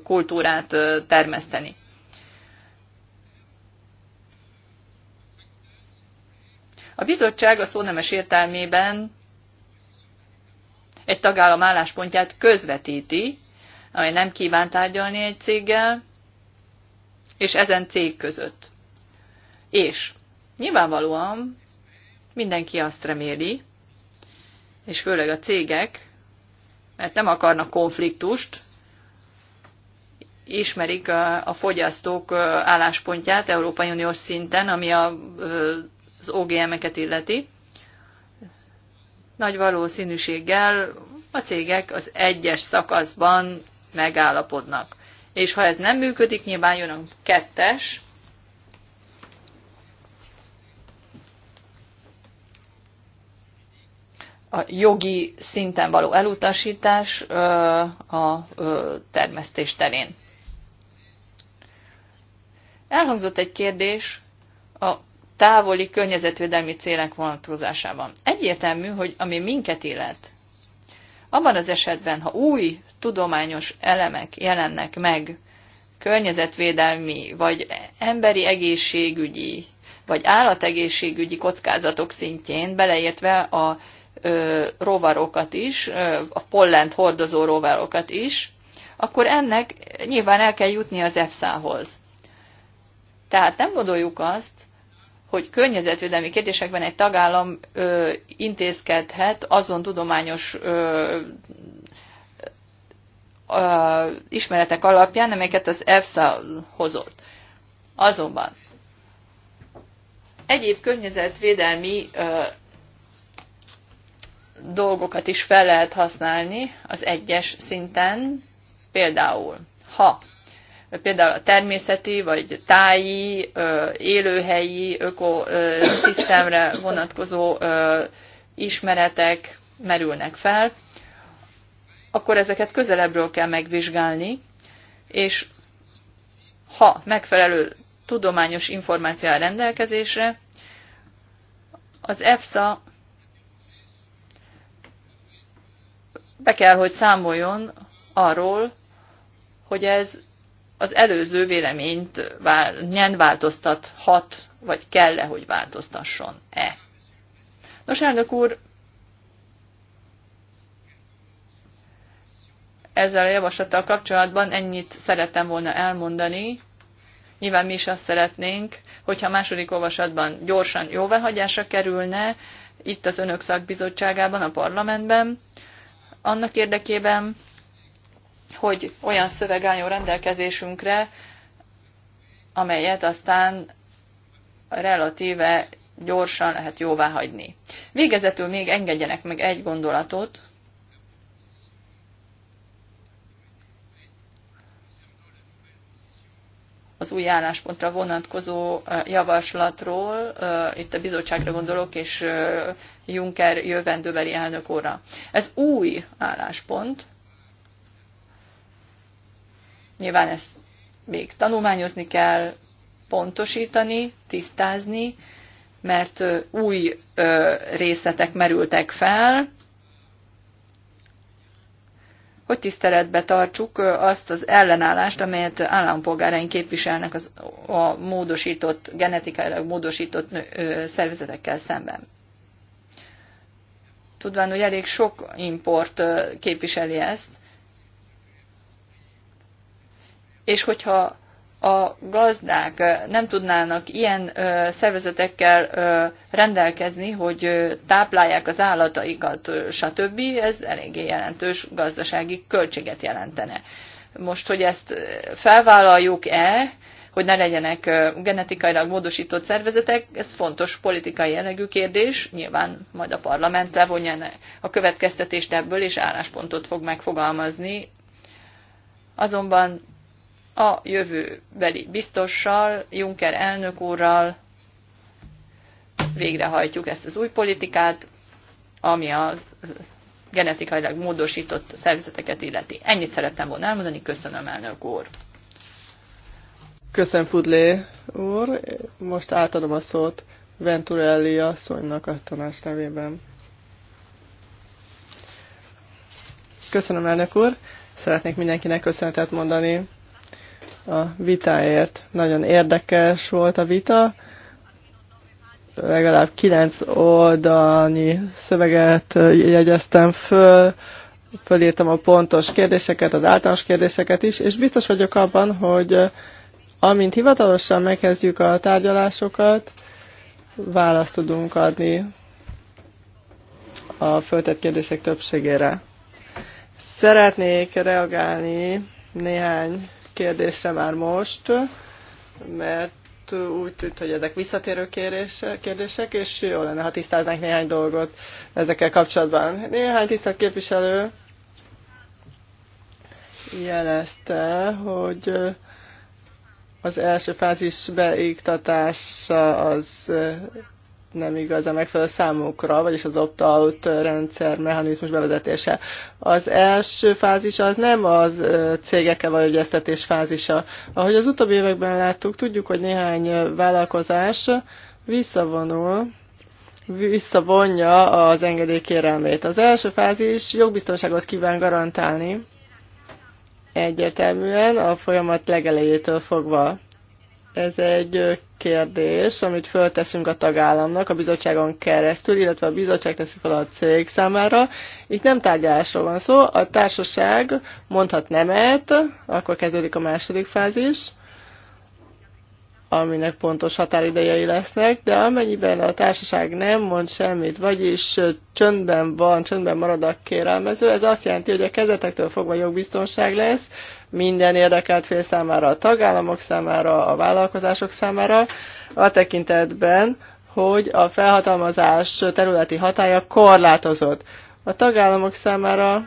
kultúrát termeszteni. A bizottság a szónemes értelmében egy tagállam álláspontját közvetíti, amely nem kíván tárgyalni egy céggel, és ezen cég között. És nyilvánvalóan mindenki azt reméli, és főleg a cégek, mert nem akarnak konfliktust, ismerik a, a fogyasztók álláspontját Európai Uniós szinten, ami a, az OGM-eket illeti. Nagy valószínűséggel a cégek az egyes szakaszban megállapodnak. És ha ez nem működik, nyilván jön a kettes, a jogi szinten való elutasítás a termesztés terén. Elhangzott egy kérdés a távoli környezetvédelmi célek vonatkozásában. Egyértelmű, hogy ami minket illet, abban az esetben, ha új tudományos elemek jelennek meg, környezetvédelmi, vagy emberi egészségügyi, vagy állategészségügyi kockázatok szintjén, beleértve a rovarokat is, a pollent hordozó rovarokat is, akkor ennek nyilván el kell jutni az EFSA-hoz. Tehát nem gondoljuk azt, hogy környezetvédelmi kérdésekben egy tagállam ö, intézkedhet azon tudományos ö, ö, ismeretek alapján, amelyeket az EFSA hozott. Azonban egyéb környezetvédelmi ö, dolgokat is fel lehet használni az egyes szinten, például ha például a természeti vagy táji, élőhelyi ökoszisztemre vonatkozó ismeretek merülnek fel, akkor ezeket közelebbről kell megvizsgálni, és ha megfelelő tudományos információ áll rendelkezésre, az EFSA be kell, hogy számoljon arról, hogy ez az előző véleményt nem változtathat, vagy kell-e, hogy változtasson-e. Nos, elnök úr, ezzel a javaslattal kapcsolatban ennyit szerettem volna elmondani. Nyilván mi is azt szeretnénk, hogyha második olvasatban gyorsan jóváhagyásra kerülne, itt az önök szakbizottságában, a parlamentben, annak érdekében, hogy olyan szöveg álljon rendelkezésünkre, amelyet aztán relatíve gyorsan lehet jóvá hagyni. Végezetül még engedjenek meg egy gondolatot. Az új álláspontra vonatkozó javaslatról, itt a bizottságra gondolok, és Juncker jövendőbeli elnök óra. Ez új álláspont. Nyilván ezt még tanulmányozni kell, pontosítani, tisztázni, mert új részletek merültek fel, hogy tiszteletbe tartsuk azt az ellenállást, amelyet állampolgáraink képviselnek az, a módosított, genetikailag módosított szervezetekkel szemben tudván, hogy elég sok import képviseli ezt. És hogyha a gazdák nem tudnának ilyen szervezetekkel rendelkezni, hogy táplálják az állataikat, stb., ez eléggé jelentős gazdasági költséget jelentene. Most, hogy ezt felvállaljuk-e, hogy ne legyenek genetikailag módosított szervezetek, ez fontos politikai jellegű kérdés, nyilván majd a parlament levonja a következtetést ebből, és álláspontot fog megfogalmazni. Azonban a jövőbeli biztossal, Juncker elnök úrral végrehajtjuk ezt az új politikát, ami a genetikailag módosított szervezeteket illeti. Ennyit szerettem volna elmondani, köszönöm elnök úr. Köszönöm, Fudlé úr. Most átadom a szót Venturelli asszonynak a tanács nevében. Köszönöm, elnök úr. Szeretnék mindenkinek köszönetet mondani a vitáért. Nagyon érdekes volt a vita. Legalább kilenc oldalnyi szöveget jegyeztem föl, fölírtam a pontos kérdéseket, az általános kérdéseket is, és biztos vagyok abban, hogy Amint hivatalosan megkezdjük a tárgyalásokat, választ tudunk adni a föltett kérdések többségére. Szeretnék reagálni néhány kérdésre már most, mert úgy tűnt, hogy ezek visszatérő kérdések, és jó lenne, ha tisztáznánk néhány dolgot ezekkel kapcsolatban. Néhány tisztelt képviselő jelezte, hogy az első fázis beiktatása az nem igazán megfelelő számukra, vagyis az opt-out rendszer mechanizmus bevezetése. Az első fázis az nem az cégekkel való egyeztetés fázisa. Ahogy az utóbbi években láttuk, tudjuk, hogy néhány vállalkozás visszavonul, visszavonja az engedélykérelmét. Az első fázis jogbiztonságot kíván garantálni, egyértelműen a folyamat legelejétől fogva. Ez egy kérdés, amit fölteszünk a tagállamnak a bizottságon keresztül, illetve a bizottság teszi fel a cég számára. Itt nem tárgyalásról van szó, a társaság mondhat nemet, akkor kezdődik a második fázis, aminek pontos határidejei lesznek, de amennyiben a társaság nem mond semmit, vagyis csöndben van, csöndben marad a kérelmező, ez azt jelenti, hogy a kezdetektől fogva jogbiztonság lesz minden érdekelt fél számára, a tagállamok számára, a vállalkozások számára, a tekintetben, hogy a felhatalmazás területi hatája korlátozott. A tagállamok számára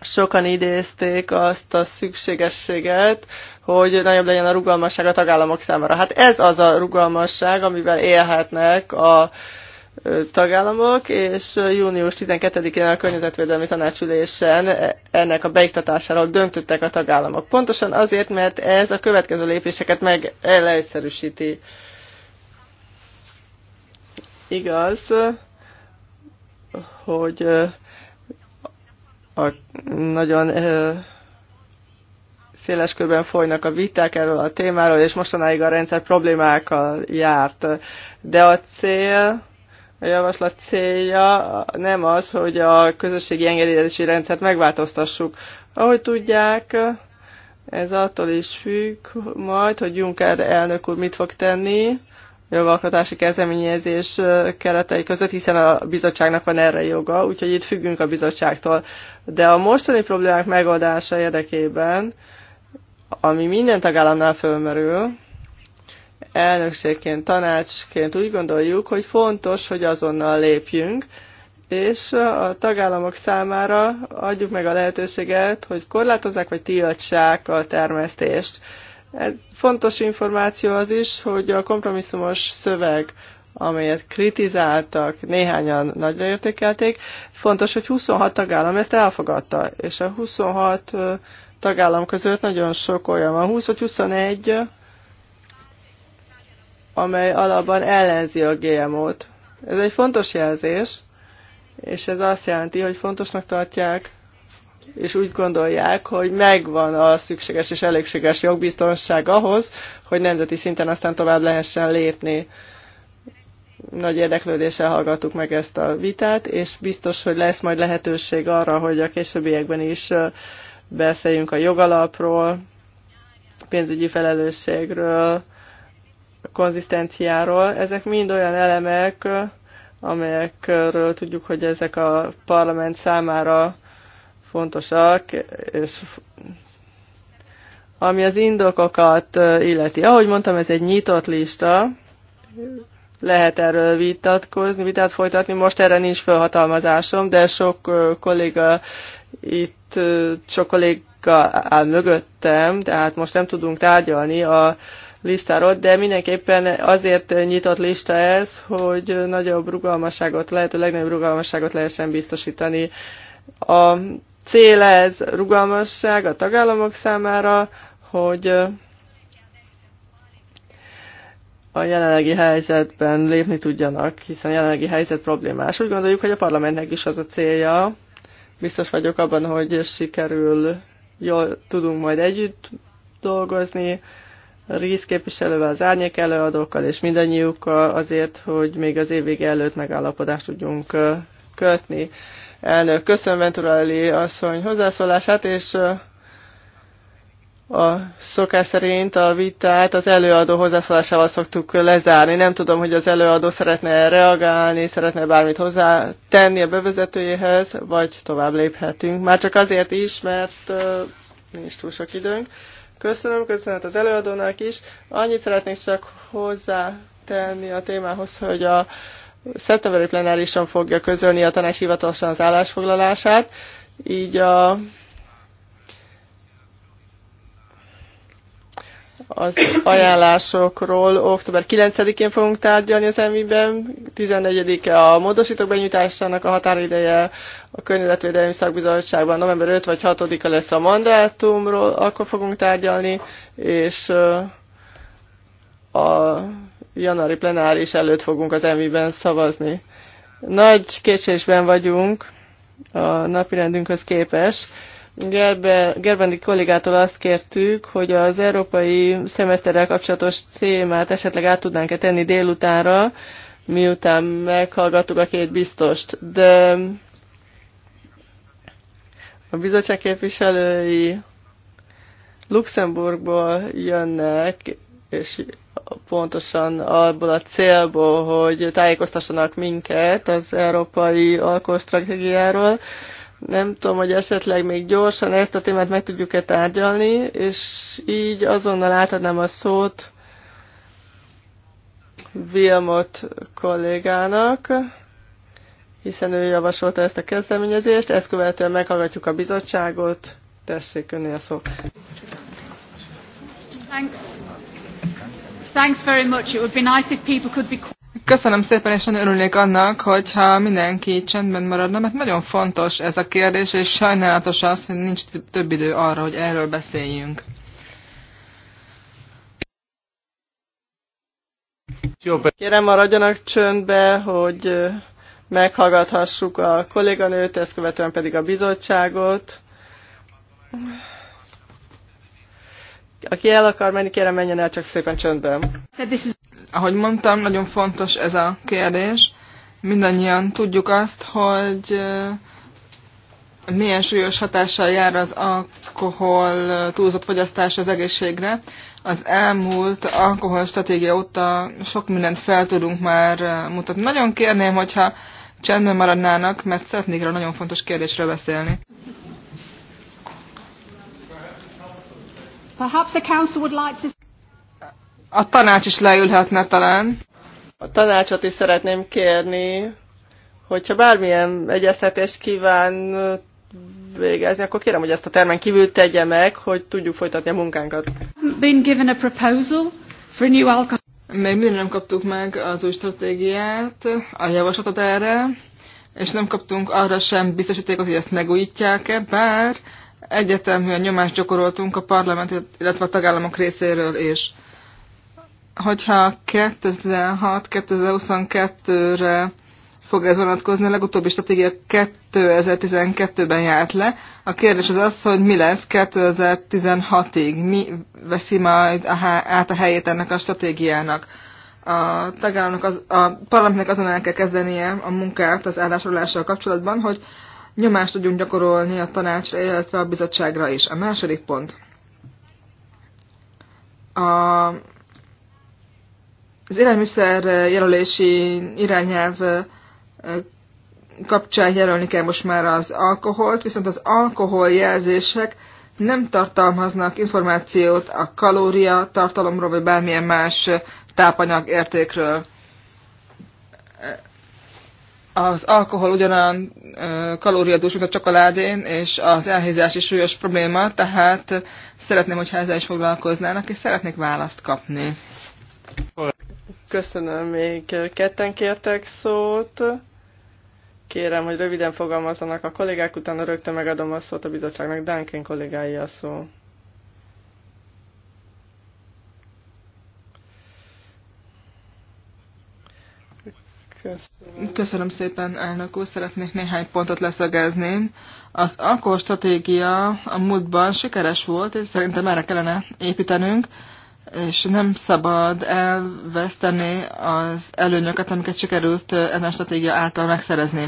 Sokan idézték azt a szükségességet, hogy nagyobb legyen a rugalmasság a tagállamok számára. Hát ez az a rugalmasság, amivel élhetnek a tagállamok, és június 12-én a Környezetvédelmi Tanácsülésen e, ennek a beiktatásáról döntöttek a tagállamok. Pontosan azért, mert ez a következő lépéseket meg leegyszerűsíti. Igaz, hogy a, nagyon ö, széles körben folynak a viták erről a témáról, és mostanáig a rendszer problémákkal járt. De a cél, a javaslat célja nem az, hogy a közösségi engedélyezési rendszert megváltoztassuk. Ahogy tudják, ez attól is függ majd, hogy Juncker elnök úr mit fog tenni jogalkotási kezdeményezés keretei között, hiszen a bizottságnak van erre joga, úgyhogy itt függünk a bizottságtól de a mostani problémák megoldása érdekében, ami minden tagállamnál fölmerül, elnökségként, tanácsként úgy gondoljuk, hogy fontos, hogy azonnal lépjünk, és a tagállamok számára adjuk meg a lehetőséget, hogy korlátozzák vagy tiltsák a termesztést. Ez fontos információ az is, hogy a kompromisszumos szöveg, amelyet kritizáltak, néhányan nagyra értékelték, Fontos, hogy 26 tagállam ezt elfogadta, és a 26 tagállam között nagyon sok olyan van, 20 vagy 21, amely alapban ellenzi a GMO-t. Ez egy fontos jelzés, és ez azt jelenti, hogy fontosnak tartják, és úgy gondolják, hogy megvan a szükséges és elégséges jogbiztonság ahhoz, hogy nemzeti szinten aztán tovább lehessen lépni nagy érdeklődéssel hallgattuk meg ezt a vitát, és biztos, hogy lesz majd lehetőség arra, hogy a későbbiekben is beszéljünk a jogalapról, pénzügyi felelősségről, konzisztenciáról. Ezek mind olyan elemek, amelyekről tudjuk, hogy ezek a parlament számára fontosak, és ami az indokokat illeti. Ahogy mondtam, ez egy nyitott lista, lehet erről vitatkozni, vitát folytatni. Most erre nincs felhatalmazásom, de sok kolléga itt, sok kolléga áll mögöttem, tehát most nem tudunk tárgyalni a listáról, de mindenképpen azért nyitott lista ez, hogy nagyobb rugalmasságot, lehető legnagyobb rugalmasságot lehessen biztosítani. A cél ez rugalmasság a tagállamok számára, hogy a jelenlegi helyzetben lépni tudjanak, hiszen a jelenlegi helyzet problémás. Úgy gondoljuk, hogy a parlamentnek is az a célja, biztos vagyok abban, hogy sikerül, jól tudunk majd együtt dolgozni, részképviselővel, az árnyék előadókkal és mindannyiukkal azért, hogy még az évvége előtt megállapodást tudjunk kötni. Elnök, köszönöm Venturali asszony hozzászólását, és a szokás szerint a vitát az előadó hozzászólásával szoktuk lezárni. Nem tudom, hogy az előadó szeretne reagálni, szeretne bármit hozzá tenni a bevezetőjéhez, vagy tovább léphetünk. Már csak azért is, mert uh, nincs túl sok időnk. Köszönöm, köszönet az előadónak is. Annyit szeretnék csak hozzátenni a témához, hogy a szeptemberi plenárison fogja közölni a tanács hivatalosan az állásfoglalását, így a az ajánlásokról október 9-én fogunk tárgyalni az EMI-ben, 14-e a módosítók benyújtásának a határideje, a Környezetvédelmi Szakbizottságban november 5 vagy 6-a lesz a mandátumról, akkor fogunk tárgyalni, és a januári plenáris előtt fogunk az EMI-ben szavazni. Nagy kétségben vagyunk a napirendünkhöz képes. Gerbendi kollégától azt kértük, hogy az európai szemeszterrel kapcsolatos témát esetleg át tudnánk-e tenni délutánra, miután meghallgattuk a két biztost. De a bizottság képviselői Luxemburgból jönnek, és pontosan abból a célból, hogy tájékoztassanak minket az európai alkoholstratégiáról, stratégiáról, nem tudom, hogy esetleg még gyorsan ezt a témát meg tudjuk-e tárgyalni, és így azonnal átadnám a szót Vilmot kollégának, hiszen ő javasolta ezt a kezdeményezést, ezt követően meghallgatjuk a bizottságot. Tessék, önni a szót. Thanks. Thanks very much. It would be nice if people could be Köszönöm szépen, és nagyon örülnék annak, hogyha mindenki csendben maradna, mert nagyon fontos ez a kérdés, és sajnálatos az, hogy nincs több idő arra, hogy erről beszéljünk. Kérem, maradjanak csöndbe, hogy meghallgathassuk a kolléganőt, ezt követően pedig a bizottságot. Aki el akar menni, kérem menjen el csak szépen csöndben ahogy mondtam, nagyon fontos ez a kérdés. Mindannyian tudjuk azt, hogy eh, milyen súlyos hatással jár az alkohol eh, túlzott fogyasztás az egészségre. Az elmúlt alkohol stratégia óta sok mindent fel tudunk már eh, mutatni. Nagyon kérném, hogyha csendben maradnának, mert szeretnék rá nagyon fontos kérdésről beszélni. Perhaps the council would like to... A tanács is leülhetne talán. A tanácsot is szeretném kérni, hogyha bármilyen egyeztetést kíván végezni, akkor kérem, hogy ezt a termen kívül tegye meg, hogy tudjuk folytatni a munkánkat. Been given a proposal for new alcohol. Még mindig nem kaptuk meg az új stratégiát, a javaslatot erre, és nem kaptunk arra sem biztosítékot, hogy ezt megújítják-e, bár egyeteműen nyomást gyakoroltunk a parlament, illetve a tagállamok részéről is hogyha 2006-2022-re fog ez vonatkozni, a legutóbbi stratégia 2012-ben járt le. A kérdés az az, hogy mi lesz 2016-ig, mi veszi majd a, át a helyét ennek a stratégiának. A tagállamnak, az, a parlamentnek azon el kell kezdenie a munkát az állásolással kapcsolatban, hogy nyomást tudjunk gyakorolni a tanácsra, illetve a bizottságra is. A második pont. A az élelmiszer jelölési irányelv kapcsán jelölni kell most már az alkoholt, viszont az alkohol jelzések nem tartalmaznak információt a kalória tartalomról, vagy bármilyen más tápanyag értékről. Az alkohol ugyanolyan kalóriadús, mint a csokoládén, és az elhízás is súlyos probléma, tehát szeretném, hogyha ezzel is foglalkoznának, és szeretnék választ kapni. Köszönöm, még ketten kértek szót. Kérem, hogy röviden fogalmazzanak a kollégák, utána rögtön megadom a szót a bizottságnak. Duncan kollégái a szó. Köszönöm. Köszönöm szépen, elnök úr. Szeretnék néhány pontot leszögezni. Az akkor stratégia a múltban sikeres volt, és szerintem erre kellene építenünk és nem szabad elveszteni az előnyöket, amiket sikerült ezen stratégia által megszerezni.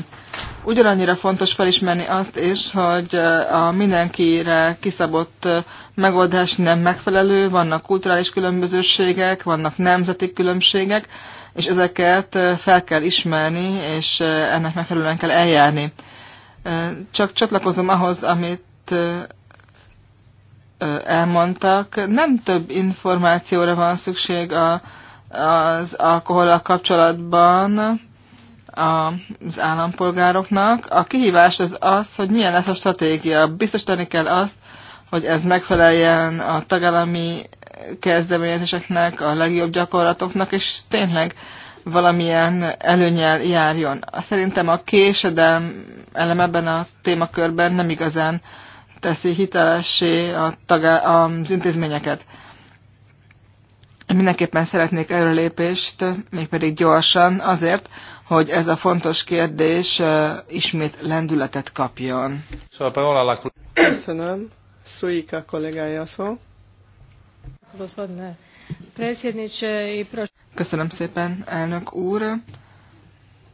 Ugyanannyira fontos felismerni azt is, hogy a mindenkire kiszabott megoldás nem megfelelő, vannak kulturális különbözőségek, vannak nemzeti különbségek, és ezeket fel kell ismerni, és ennek megfelelően kell eljárni. Csak csatlakozom ahhoz, amit elmondtak. Nem több információra van szükség a, az alkohollal kapcsolatban az állampolgároknak. A kihívás az az, hogy milyen lesz a stratégia. Biztosítani kell azt, hogy ez megfeleljen a tagállami kezdeményezéseknek, a legjobb gyakorlatoknak, és tényleg valamilyen előnyel járjon. Szerintem a késedelm elem ebben a témakörben nem igazán uh, teszi hitelessé a tagá, az intézményeket. Mindenképpen szeretnék előlépést, mégpedig gyorsan, azért, hogy ez a fontos kérdés uh, ismét lendületet kapjon. Szóval Köszönöm. Suika kollégája szó. Köszönöm szépen, elnök úr.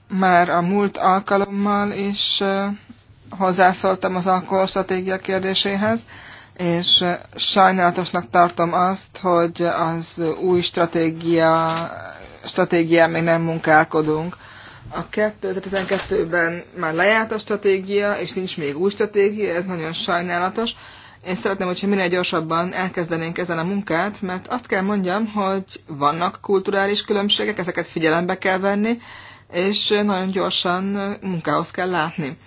Már a múlt alkalommal is hozzászóltam az alkohol stratégia kérdéséhez, és sajnálatosnak tartom azt, hogy az új stratégia, stratégia még nem munkálkodunk. A 2012-ben már lejárt a stratégia, és nincs még új stratégia, ez nagyon sajnálatos. Én szeretném, hogyha minél gyorsabban elkezdenénk ezen a munkát, mert azt kell mondjam, hogy vannak kulturális különbségek, ezeket figyelembe kell venni, és nagyon gyorsan munkához kell látni.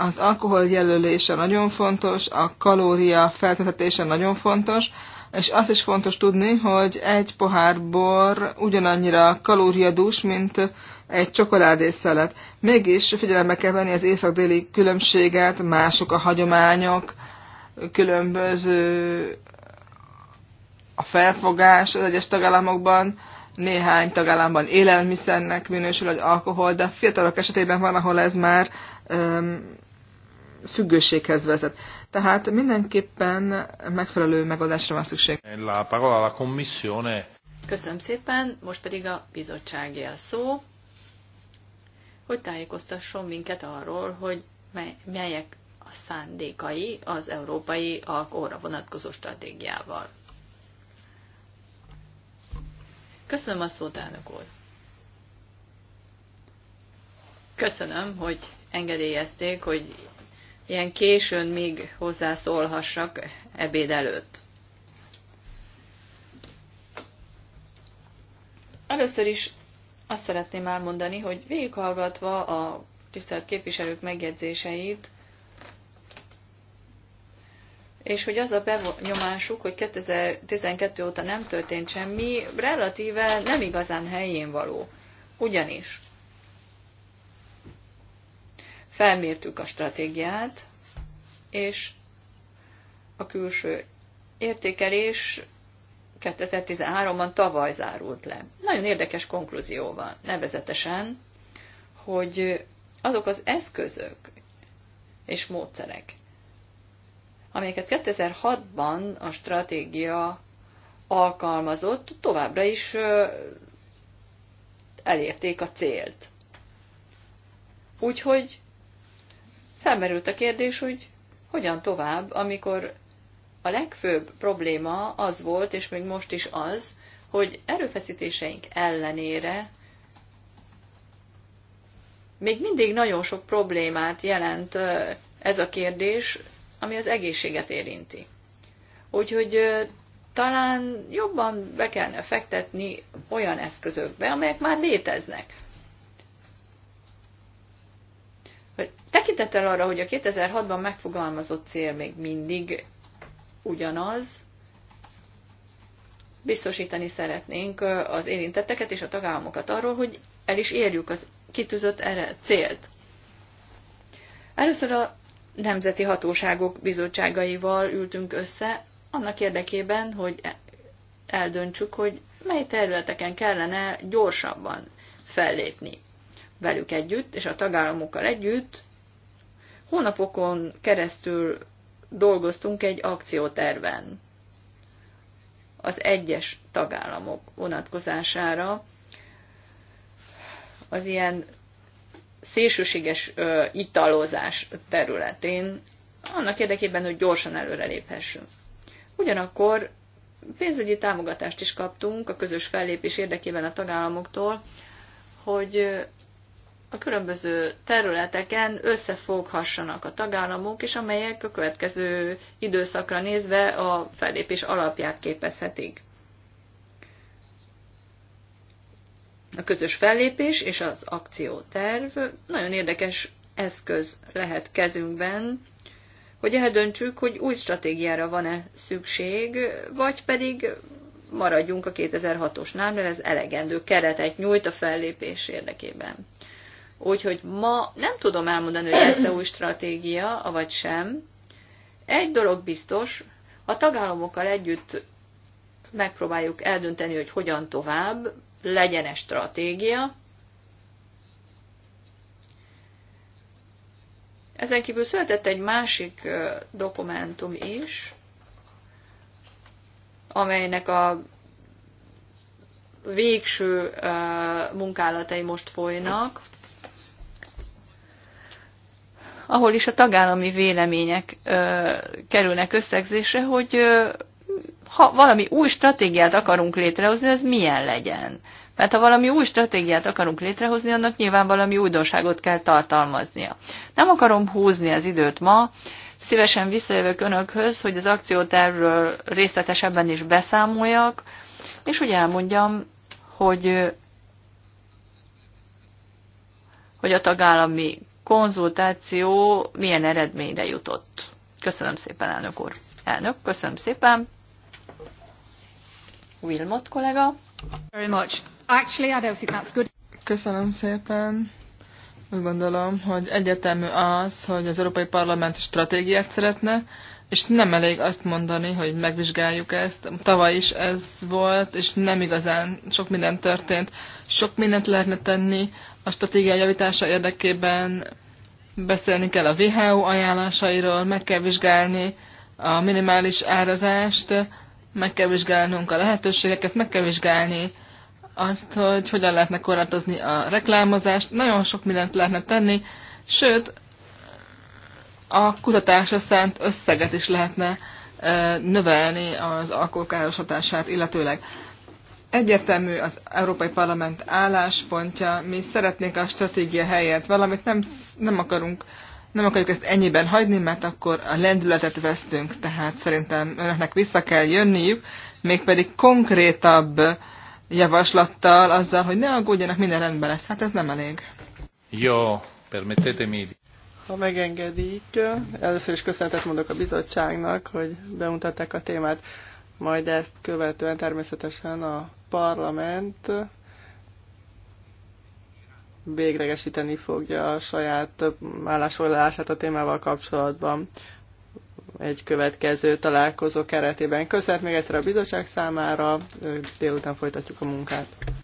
Az alkohol jelölése nagyon fontos, a kalória feltetetése nagyon fontos, és azt is fontos tudni, hogy egy pohár bor ugyanannyira kalóriadús, mint egy csokoládészelet. Mégis figyelembe kell venni az észak-déli különbséget, mások a hagyományok, különböző a felfogás az egyes tagállamokban, néhány tagállamban élelmiszernek minősül, vagy alkohol, de fiatalok esetében van, ahol ez már öm, függőséghez vezet. Tehát mindenképpen megfelelő megoldásra van szükség. Eh, la parola commissione. Köszönöm szépen, most pedig a bizottsági a szó, hogy tájékoztasson minket arról, hogy melyek a szándékai az európai alkóra vonatkozó stratégiával. Köszönöm a szót, elnök úr. Köszönöm, hogy engedélyezték, hogy ilyen későn még hozzászólhassak ebéd előtt. Először is azt szeretném elmondani, hogy végighallgatva a tisztelt képviselők megjegyzéseit, és hogy az a benyomásuk, hogy 2012 óta nem történt semmi, relatíve nem igazán helyén való. Ugyanis felmértük a stratégiát, és a külső értékelés 2013-ban tavaly zárult le. Nagyon érdekes konklúzióval, nevezetesen, hogy azok az eszközök és módszerek, amelyeket 2006-ban a stratégia alkalmazott, továbbra is elérték a célt. Úgyhogy felmerült a kérdés, hogy hogyan tovább, amikor a legfőbb probléma az volt, és még most is az, hogy erőfeszítéseink ellenére még mindig nagyon sok problémát jelent ez a kérdés, ami az egészséget érinti. Úgyhogy talán jobban be kellene fektetni olyan eszközökbe, amelyek már léteznek. hogy tekintettel arra, hogy a 2006-ban megfogalmazott cél még mindig ugyanaz, biztosítani szeretnénk az érintetteket és a tagállamokat arról, hogy el is érjük az kitűzött erre célt. Először a Nemzeti Hatóságok Bizottságaival ültünk össze, annak érdekében, hogy e- eldöntsük, hogy mely területeken kellene gyorsabban fellépni velük együtt és a tagállamokkal együtt hónapokon keresztül dolgoztunk egy akcióterven az egyes tagállamok vonatkozására az ilyen szélsőséges ö, italozás területén, annak érdekében, hogy gyorsan előreléphessünk. Ugyanakkor pénzügyi támogatást is kaptunk a közös fellépés érdekében a tagállamoktól, hogy a különböző területeken összefoghassanak a tagállamok, és amelyek a következő időszakra nézve a fellépés alapját képezhetik. A közös fellépés és az akcióterv nagyon érdekes eszköz lehet kezünkben, hogy eldöntsük, hogy új stratégiára van-e szükség, vagy pedig maradjunk a 2006-osnál, mert ez elegendő keretet nyújt a fellépés érdekében. Úgyhogy ma nem tudom elmondani, hogy lesz-e új stratégia, vagy sem. Egy dolog biztos, a tagállamokkal együtt megpróbáljuk eldönteni, hogy hogyan tovább, legyen-e stratégia. Ezen kívül született egy másik dokumentum is, amelynek a végső munkálatai most folynak ahol is a tagállami vélemények ö, kerülnek összegzésre, hogy ö, ha valami új stratégiát akarunk létrehozni, az milyen legyen. Mert ha valami új stratégiát akarunk létrehozni, annak nyilván valami újdonságot kell tartalmaznia. Nem akarom húzni az időt ma, szívesen visszajövök önökhöz, hogy az akciótervről részletesebben is beszámoljak, és úgy elmondjam, hogy hogy a tagállami konzultáció milyen eredményre jutott. Köszönöm szépen, elnök úr. Elnök, köszönöm szépen. Wilmot kollega. Very much. Actually, I don't think that's good. Köszönöm szépen. Úgy gondolom, hogy egyetemű az, hogy az Európai Parlament stratégiát szeretne, és nem elég azt mondani, hogy megvizsgáljuk ezt. Tavaly is ez volt, és nem igazán sok minden történt. Sok mindent lehetne tenni a stratégia javítása érdekében. Beszélni kell a WHO ajánlásairól, meg kell vizsgálni a minimális árazást, meg kell vizsgálnunk a lehetőségeket, meg kell vizsgálni azt, hogy hogyan lehetne korlátozni a reklámozást. Nagyon sok mindent lehetne tenni, sőt, a kutatásra szánt összeget is lehetne növelni az alkoholkáros hatását illetőleg. Egyértelmű az Európai Parlament álláspontja, mi szeretnénk a stratégia helyett valamit, nem, nem akarunk nem akarjuk ezt ennyiben hagyni, mert akkor a lendületet vesztünk, tehát szerintem önöknek vissza kell jönniük, mégpedig konkrétabb javaslattal, azzal, hogy ne aggódjanak, minden rendben lesz. Hát ez nem elég. Jó, permettetemi. Ha megengedik, először is köszönetet mondok a bizottságnak, hogy bemutatták a témát, majd ezt követően természetesen a parlament végregesíteni fogja a saját állásfoglalását a témával kapcsolatban egy következő találkozó keretében. Köszönet még egyszer a bizottság számára, délután folytatjuk a munkát.